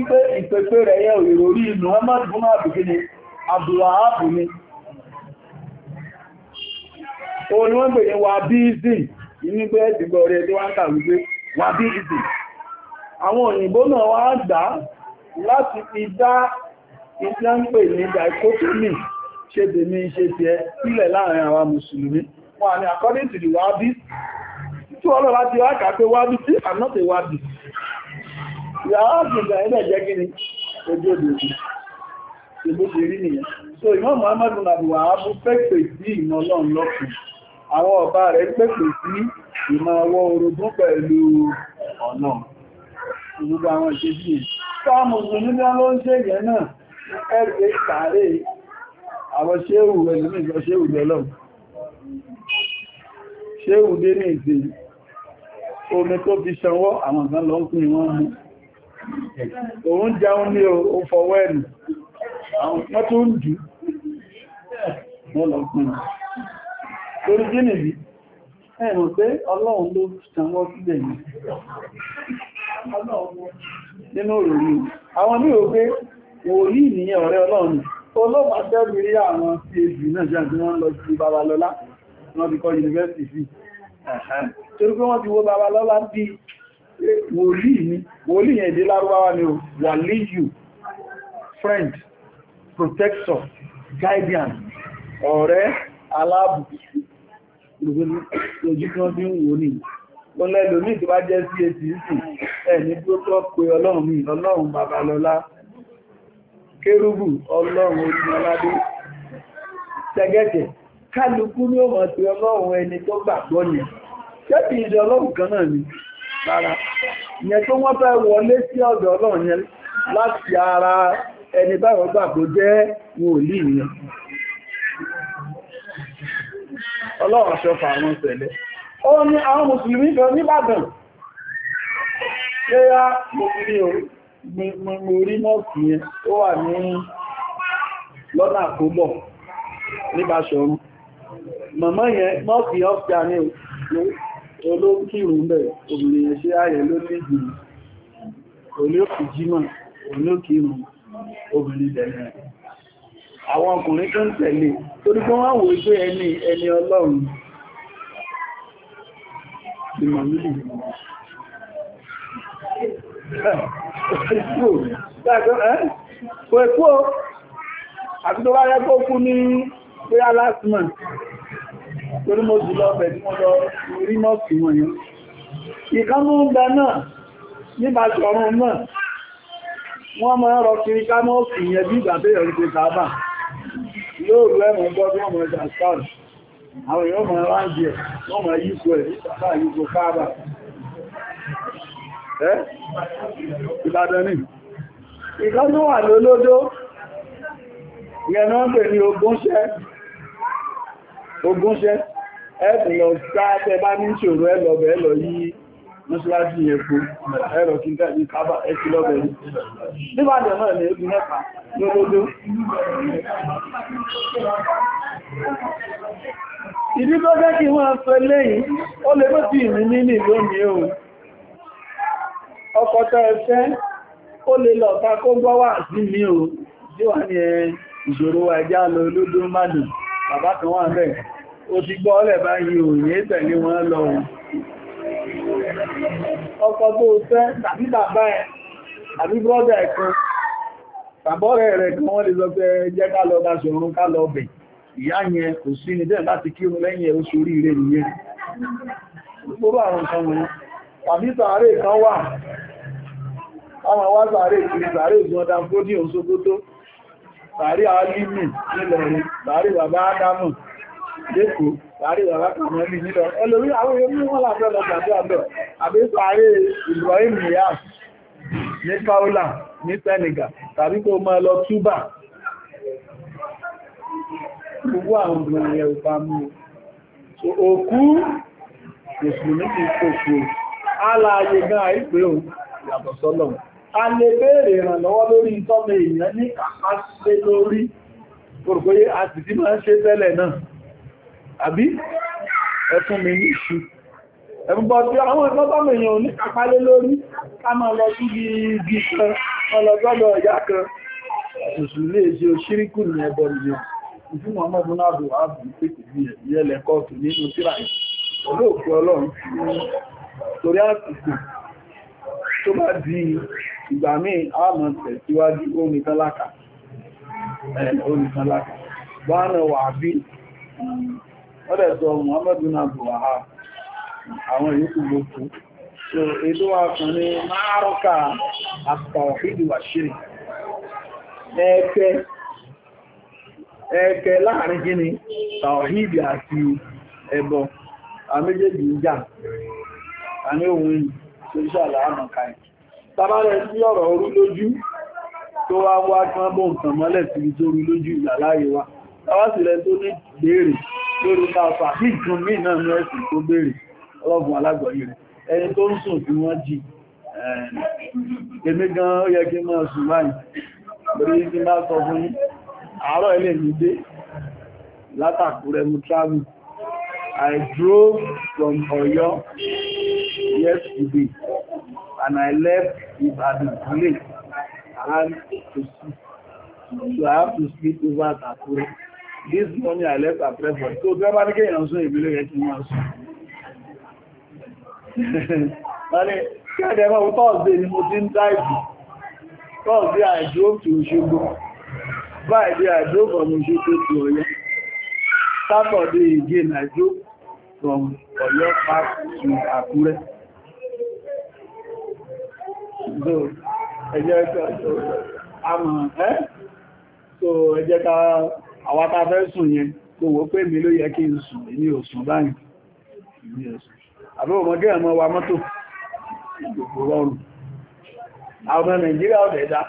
Speaker 1: ipe ìpẹ̀pẹ̀ rẹ̀ yẹ òyèrò orí inú Muhammad bun ni Abdullahabu ni o ni wọ́n gbèrè wà bí ìzì nígbẹ́ ìdìgbọ́ rẹ̀ tí wọ́n kà wípé wà bí àwọn òyìnbó náà wá dá láti fi dá ní dichotomy ṣe ṣe ti ẹ sílẹ̀ láàrin àwọn mùsùlùmí wọ́n ni according to the wabis tí wọ́n láti not a ìyáwájúgbà ẹgbẹ́ jẹ́ gíní ojú òdòdó ìbò ti rí nìyẹn so Imam Muhammadu nàbùwà ábú pẹ́pẹ́ sí ìmọ̀ ọlọ́run lọ́kùn àwọn ọba rẹ̀ pẹ́pẹ́ sí ìmọ̀ ọwọ́ orogún pẹ̀lú ọ̀nà gbogbo àwọn ìṣẹ́jú yìí sáàmù mùsùlùmí ló ń ṣe yẹn náà ẹgbẹ́ òun jẹun ní o fọwọ́ ẹ̀nù wọ́n tó ń jù wọ́n lọ gbọ́n torí gínì rí ẹ̀rùn pé ọlọ́run ló ṣàwọ́ sílẹ̀ yìí nínú òròrí àwọn ní o pé wòrí ìnìyàn ọ̀rẹ́ ọlọ́run olóòpàá tẹ́bí rí àwọn sí èdè náà jáde wọ́n lọ sí Babalọ́lá wọ́n ti kọ́ yunifásitì torí pé wọ́n ti wo Babalọ́lá pé wòlíì ni wòlíì yẹn èdè lárúbáwá ni o wàlíyù friend protector guardian ọ̀rẹ́ aláàbò ojú kan bí ń wò ní wọ́n lẹ́lò ní ìtìbá jẹ́ sí etí ìsìn ẹni tó tọ́ pé ọlọ́run mi ọlọ́run babalọ́lá kérúbù ọlọ́run olúmọládé tẹ́gẹ́tẹ̀ kálukú ní ọmọ tí ọlọ́run ẹni tó gbàgbọ́ ni ṣẹ́bí ìṣẹ́ ọlọ́run kan náà ni rárá yẹn tó wọ́n fẹ́ wọlé sí ọ̀dọ̀ láti ara ẹni báwọn gbà jẹ́ wòlíì yẹn àwọn ó ní àwọn mùsùlùmí kan níbàdàn pé mọ́ọ̀kì yẹn ó wà ní lọ́nà ní olókìrù mẹ́ obìnrin ṣe ààyẹ ló ní ìgbìmọ̀ olókì jímọ̀ olókìrù obìnrin dẹ̀lẹ̀ àwọn ọkùnrin tó ń tẹ̀lé torí kí wọ́n wò pé ẹni ẹni ọlọ́run ìmọ̀ nílì Kò ẹ̀kú àti tó bá rẹ́ kó kú ní pé last month torí mo jùlọ ọ̀bẹ̀ tí mo lọ rí mọ́sí wọn yìí ìkánú ń bẹ náà nígbà ṣọ̀run náà wọ́n máa ń kiri ká mọ́sí yẹn bí ìgbà bẹ́ẹ̀ rí pé káàbà lóòrù ẹ̀mọ̀ gbọ́ bí ọmọ ẹja skáàrù àwọn èèyàn máa ẹ̀ ogúnṣẹ́ ẹ̀sùn lọ sáàtẹ́ bá ní ìṣòro ẹlọ́bẹ̀ ẹlọ yí mọ́ṣílájú yẹn kó ẹ̀rọ kí n tẹ́lẹ̀ kábà ẹ̀kí lọ́bẹ̀ yìí nígbàdẹ̀ náà ní ẹgbùn mẹ́fà lólódó ìdí tó jẹ́ kí wọ́n sọ lẹ́yìn ó lè mọ́tí ìrìn ní lónìí o ọkọ̀ tẹ́ ẹfẹ́ ó lè lọ ta kó gbọ́wà sí mi o tí wà ní ìṣòro ẹjá lọ lódó mádùn bàbá kan wà ń ti gbọ́ ọlẹ̀ báyìí òye tẹ̀lé wọn lọ ọkọ tó fẹ́ tàbí bàbá ẹ̀ tàbí brọ́dà ẹ̀ kan tàbọ́rẹ̀ rẹ̀ kan wọ́n lè sọ jẹ́ ká lọ bá ṣòrun ká lọ bẹ̀ ìyá yẹn kò sí ní dẹ̀ láti kírun lẹ́yìn ẹ̀ sàárì alìmì nílọ̀rin sàárì bàbá ádámù lẹ́kọ̀ọ́ sàárì bàbá kàmọ́lì nílọ̀rin ẹlòmí àwọn èèyàn mú wọ́n làbẹ́ lọ tàbí àbẹ́ àbí sàárì Ibrahim Niyas ní Kaula ní Senegal tàbí kó mọ́ lọ Cuba gbogbo àwọn obìnrin ẹ̀ òpá mú òkú mùsùlùmí ti alààyè gan àìpé ò yàtọ̀ a lè béèrè ìrànlọ́wọ́ lórí ìtọ́mẹ èèyàn ní àpáṣẹ́ lórí gbogbogbòye àti tí máa ń ṣe tẹ́lẹ̀ náà àbí ẹ̀fún mi ní ìṣù ẹ̀bùbọ̀ tí àwọn ìtọ́mẹ èèyàn ní àpálẹ́ lórí ká máa lọ sí igi kan ọlọ́gọ́dọ̀ ọ̀yá kan mùsùlùmí èṣe òṣíríkù ní ẹbọ ìyẹn ìfún Muhammad Nadu Abu pèsè bí ẹ̀yẹ́lẹ̀ kọ́ọ̀tù nínú tíra olóòkú Ọlọ́run torí àsìkò tó bá di ìgbà míì àmọ̀ tẹ̀síwájú onítálákà
Speaker 2: onítálákà
Speaker 1: bọ́nà wà bí ọdẹ̀ sọ Muhammadu na buhari àwọn ìyókù gbogbo so èdò akùn ní márùkà àtàwọ̀fídì wà ṣírí ẹ̀ẹ́kẹ́ láàrin gíní tàwọ̀hídì àti ẹbọ àméjèèjì ń jà àní òun ìṣòṣàlá àmọ̀káyìí tàbárẹ̀ sí ọ̀rọ̀ orú lójú
Speaker 2: tó wá wá kán
Speaker 1: bó nǹkan mọ́lẹ̀ sí tó lójú ìgbàláyé wa tàwásìlẹ̀ tó ní béèrè lórí tàfà ní ìtún mí náà ní ẹ̀sìn tó béèrè ọlọ́gbọ̀n alágbọ̀nyí I drove from Oyo yesterday and I left Ibadan late around to sleep. So I have to sleep over at Akure. This morning I left Akure for so tí wọ́n bá ní kéèyàn sún ìbílẹ̀ rẹ̀ kí wọ́n sún. Wọ́n ní kí ẹ̀dẹ̀ mọ́ Thursday drove to Òṣogbo. Friday I drove from Òṣogbo to Ọ̀yọ́. Saturday again I drove from Ọ̀yọ́ back to Akure so ẹjẹ́ so ẹjẹ́ ká àwátá fẹ́ sùn yẹn kò wó pé mi ló yẹ kí n sùn ní òsùn báyìí àbí ọmọdé ẹ̀mọ́ wa mọ́tò gbogbo rọrùn àwọn Nàìjíríà ọ̀dẹ̀ dá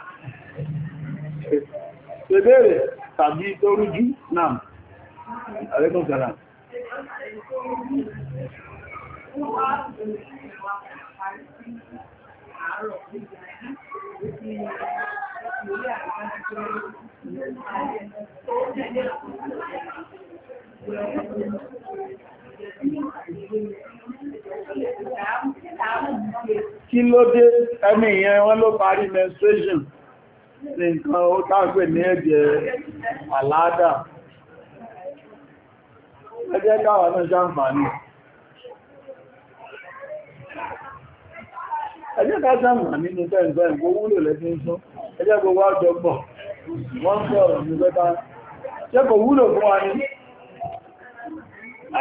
Speaker 1: ṣebéèrè tàbí tó rújú náà
Speaker 2: àrékùn sàrà Thank you àárọ̀ nígbà yìí ó ti
Speaker 1: Kí ló dé ẹni ìyẹn wọ́n ló parí menstruation ní nǹkan ó tágbè ní ẹ̀jẹ̀ àládà.
Speaker 2: Ẹjẹ́ káwà náà ṣàǹfàní ẹjẹ́ ká sàmà
Speaker 1: nínú tẹ́ǹtẹ́ ìgbó wúlò lẹ́sí ń sún ẹjẹ́ gbogbo àjọgbọ̀ wọ́n sọ̀rọ̀ ní pẹ́ta ṣe kò wúlò fún wa ní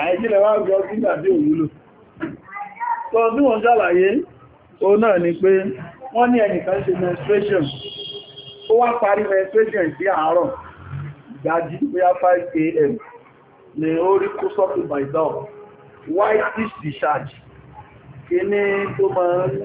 Speaker 1: àìjílẹ̀ wá gbọ́ sí àbí òwúlò tó tí wọ́n ṣàlàyé ó náà ni pé wọ́n ní ẹnìkan ṣe menstruation ó wá parí menstruation sí àárọ̀ ìgbàjí bóyá 5am ni ó rí kó sọ́kù by dog white discharge kí ní tó máa ń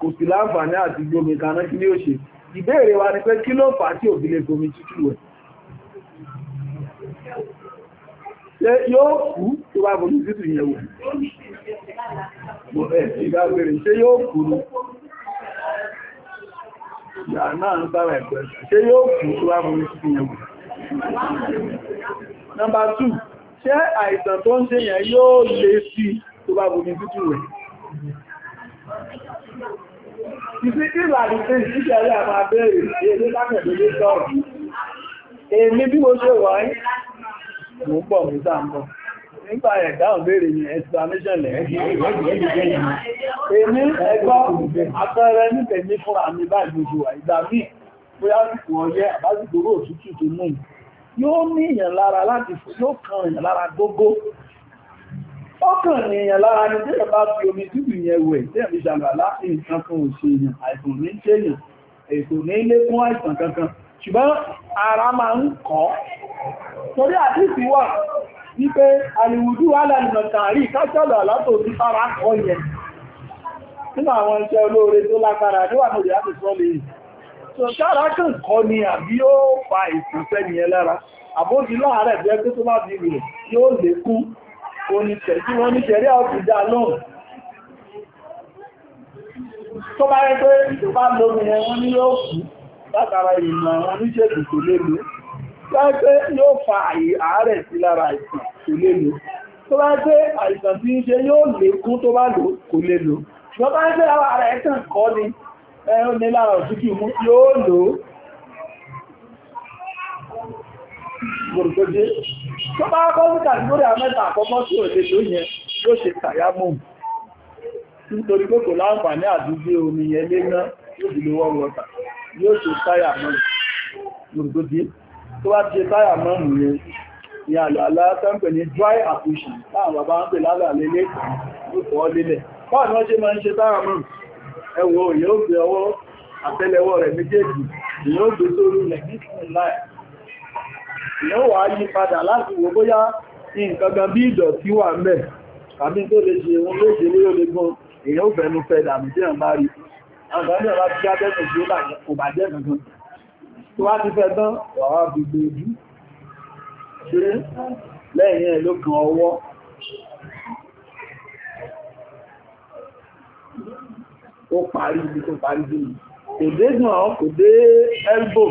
Speaker 1: kò sí láǹfààní àti gbómi kaná kí ní òṣè ìbéèrè wa ni pé kí ló fà á tí òbí lè gbomi tútù wẹ̀ ṣe yóò kú tó bá gbomi tútù yẹn wò ìgbàgbèrè ṣe yóò kú ní náà ń sára ẹ̀kọ́ ṣe yóò kú tó bá gbomi tútù yẹn wò nọ́mbà 2 ṣé àìsàn tó ń ṣe yẹn yóò lé sí tó bá gbomi tútù wẹ̀ Ìsìnkí ìlàrí tí ìṣẹ́lẹ̀ àmà bẹ́ẹ̀rẹ̀ sí ẹgbẹ́ lápẹ̀lẹ́gbẹ́ sọ́rọ̀. Èmi bí mo ṣe wà ní mú pọ̀ mú sáàmọ́. Nípa ẹ̀dáhùn béèrè ní explanation lẹ̀ Èmi ẹgbọ́ àpẹẹrẹ ní tẹ̀mí fún àmì báyìí oṣù wà ìgbà míì bóyá sùkú ọyẹ́ àbásìkò òtútù tó mú. Yóò ní ìyàn lára láti yóò kan ìyàn lára gógó ọkàn èèyàn lára ní tí ẹ̀bá fi omi túbù yẹn wẹ̀ tí ẹ̀mí ṣàgbàlá nǹkan kan ò ṣe èèyàn àìsàn ní ṣèyàn ètò ní ilé fún àìsàn kankan ṣùgbọ́n ara máa ń kọ́ torí àdísì wà wípé alìwùdú alàìmọ̀ tààrí káṣọ́lọ̀ àlátò ní sára kọ́ yẹn nínú àwọn iṣẹ́ olóore tó lágbára níwà ní ìyá tìsọ́ lè so sára kàn kọ́ ni àbí yóò fa ìsìnkẹ́ nìyẹn lára àbójì láàárẹ̀ bí ẹgbẹ́ tó bá bí rẹ̀ yóò lékún oníṣẹ̀jú wọn ní ṣẹ̀rí àkùdá náà tó bá rẹ̀ pé ìjọba lómi ẹ̀ wọ́n ní yóò kú látara ìmọ̀ àwọn oníṣègùn kò lè lò tó bá pé yóò fa àárẹ̀ sí lára àìsàn kò lè lò tó bá pé àìsàn tí ń ṣe yóò lékún tó bá lò kò lè lò tó bá pé àwọn ara ẹ̀kàn tó bá kọ́ sí kàtígórì àmẹ́ta àkọ́kọ́ sí òde tó yẹn ló ṣe tàyámù nítorí pé kò láǹfààní àdúgbé omi yẹn lé ná yóò dìlé wọ́n wọ́ta yóò ṣe táyà mọ́ lòdòdí tó bá ṣe táyà mọ́ mú yẹn àlọ́ alátẹ́ǹpẹ̀ ní dry application láàrín bàbá ń pè lálà lélé ló fọ́ lélẹ̀ báwọn wọ́n ṣe máa ń ṣe táyà mọ́ ẹ̀wọ̀ yóò fi ọwọ́ àtẹ́lẹwọ́ rẹ̀ méjèèjì yóò gbé ìyẹn wà yí padà láti wò bóyá nǹkan gan bí ìdọ̀tí wà ń bẹ̀ tàbí tó lè ṣe ohun lè ṣe lórí ológun èyàn ò fẹ́nu fẹ́ dàmì tí ẹ̀n bá rí àwọn ọmọ ìwà ti jábẹ́sùn tí ó bàjẹ́ gangan tó wá ti fẹ́ tán wà wá fi gbé ojú ṣe lẹ́yìn ẹ̀ ló kan parí ibi tó parí sí kò dé gan kò dé elbow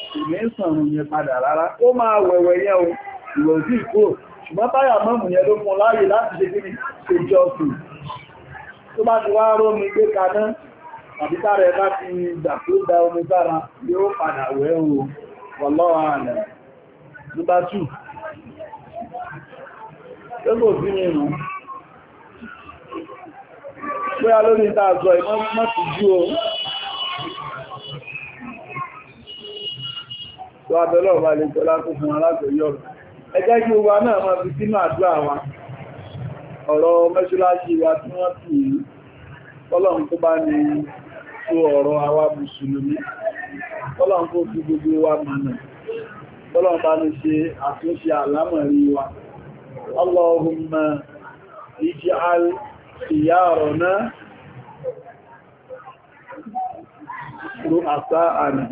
Speaker 1: ìmẹ́sànrùn yẹn padà rárá ó máa wẹ̀wẹ̀ yẹn o ìwọ̀ sí ìkó ṣùgbọ́n táyà mọ́mù yẹn ló fún láàyè láti ṣe kíni ṣe jọ́sìn tó bá ti wá rómi gbé kaná tàbí tára ẹ bá ti gbà tó da omi sára yóò padà wẹ̀ o wọ́lọ́wọ́ àlẹ́ nígbà tù
Speaker 2: tó kò sí mi nù
Speaker 1: pé a lórí ìta àjọ ìmọ̀ mọ́tìjú o tó abẹ́lọ́wà lè tọ́lá tó fún alágbèyọ́rọ̀ ẹjẹ́ kí gbogbo náà máa fi sínú àdúrà wa ọ̀rọ̀ mẹ́ṣúláṣí wa tí wọ́n ti yìí Ọlọ́run tó bá ní tó ọ̀rọ̀ àwa mùsùlùmí Ọlọ́run tó fi gbogbo wa mọ̀nà Ọlọ́run bá ní ṣe àtúnṣe àlámọ̀rí wa Allahumma ij'al khiyarana
Speaker 2: ru'asa'ana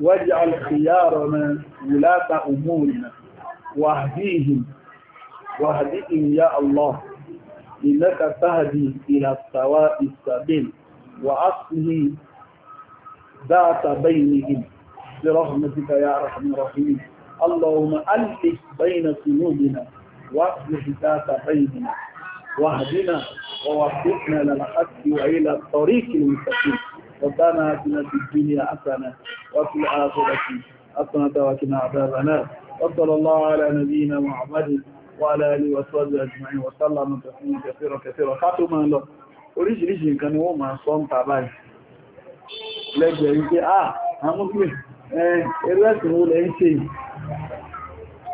Speaker 1: واجعل خيارنا ولاة أمورنا واهديهم واهديهم يا الله إنك تهدي إلى سواء السبيل وأصله ذات بينهم برحمتك يا أرحم الراحمين اللهم ألف بين قلوبنا وأصلح ذات بيننا واهدنا ووفقنا للحق وإلى الطريق المستقيم ربنا آتنا في الدنيا حسنة وفي الآخرة حسنة وقنا عذاب النار وصلى الله على نبينا محمد وعلى آله وصحبه أجمعين وسلم تسليما كثيرا كثيرا خاتما له oríṣiríṣi nǹkan ni wọ́n máa sọ ń ta báyìí lẹ́gbẹ̀ẹ́ wípé ah àmúgbé ẹ̀rọ ẹ̀sìn wo lẹ́ ń ṣe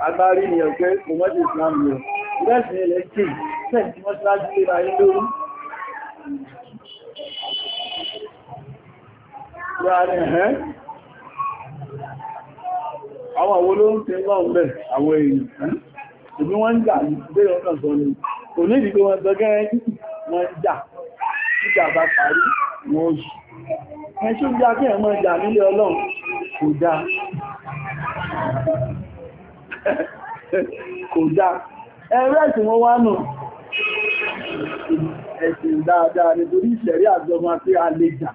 Speaker 1: agbárí ni islam
Speaker 2: láàrin ẹ̀
Speaker 1: àwọn àwọn olóòtí lọ́n àwọn èèyàn wọ́n ń jà ní ìbẹ̀rẹ̀ ọ̀nà sọ ni kò ní ìdí pé wọ́n sọ wọ́n jà nígbà bá parí wọ́n oṣù wọ́n ṣe jà nílé ọlọ́run kò dá ẹ̀rẹ́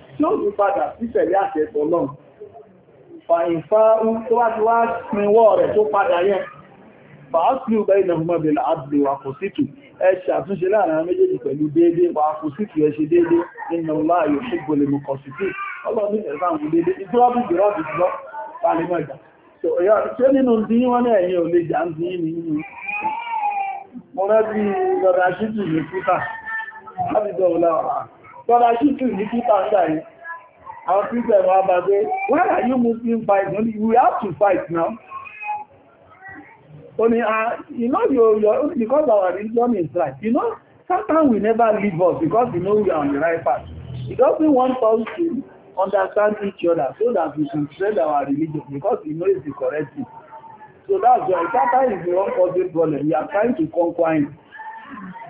Speaker 1: tí ó tún padà sí tẹ̀lé àtẹ̀tọ̀ náà fàyìnfà ń tó wá ti wá pinwọ́ rẹ̀ tó padà yẹn fàásù bẹ́ẹ̀ náà mọ́ bẹ̀rẹ̀ àbúrò àkọsítù ẹ ṣàtúnṣe láàrin méjèèjì pẹ̀lú déédé wà àkọsítù ẹ ṣe déédé nínú láàyò ṣùgbọ́n mú kọsítù ọlọ́run ẹ̀sán àwọn déédé ìdúrọ́bù ìdúrọ́bù ìdúrọ́ pàlímọ̀ ìjà ṣe nínú Bọ́dá ṣútù ní títà ń dàrí. Àwọn Christian wà bá pé, why are you Muslim fighting? We have to fight now. Only, uh, ah, you know, you're, you're, because our religion is right. You know, sometimes we never leave us because we know we are on the right path. He doesn't want us to understand each other so that we can spread our religion because we know it's the correct thing. So that's why Satan is the one causing problem. We are trying to conquer him.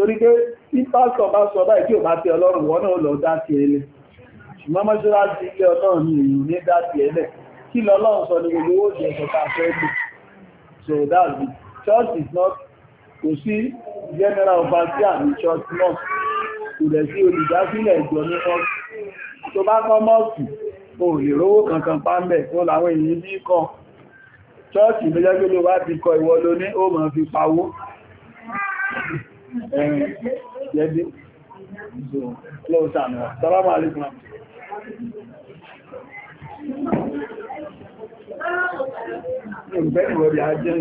Speaker 1: torí pé tí pásọ̀ bá sọ báyìí tí ò bá tẹ ọlọ́run wọn náà lọ dá ti ẹlẹ̀ ṣùgbọ́n mọ́ṣáláṣí ilé ọlọ́run ni ní dá ti kí lọ́lọ́run sọ ní gbogbo owó ìjẹ sọ ká so that's church is not kò sí general overseer church náà kò dẹ̀ sí olùdásílẹ̀ ìjọ ní mọ́ọ̀sì tó bá kọ́ mọ́ọ̀sì o lè rówó kankan pámbẹ̀ tó làwọn èyí bí kan church ìgbẹ́jẹ́gbẹ́ ló bá ti kọ ìwọ lóní ó fi pawó
Speaker 2: ẹ̀rin jẹ́dé
Speaker 1: lọ́ọ̀sán náà sálámà alẹ́kùn Ìgbẹ́ ìwọ̀n bí a jẹ́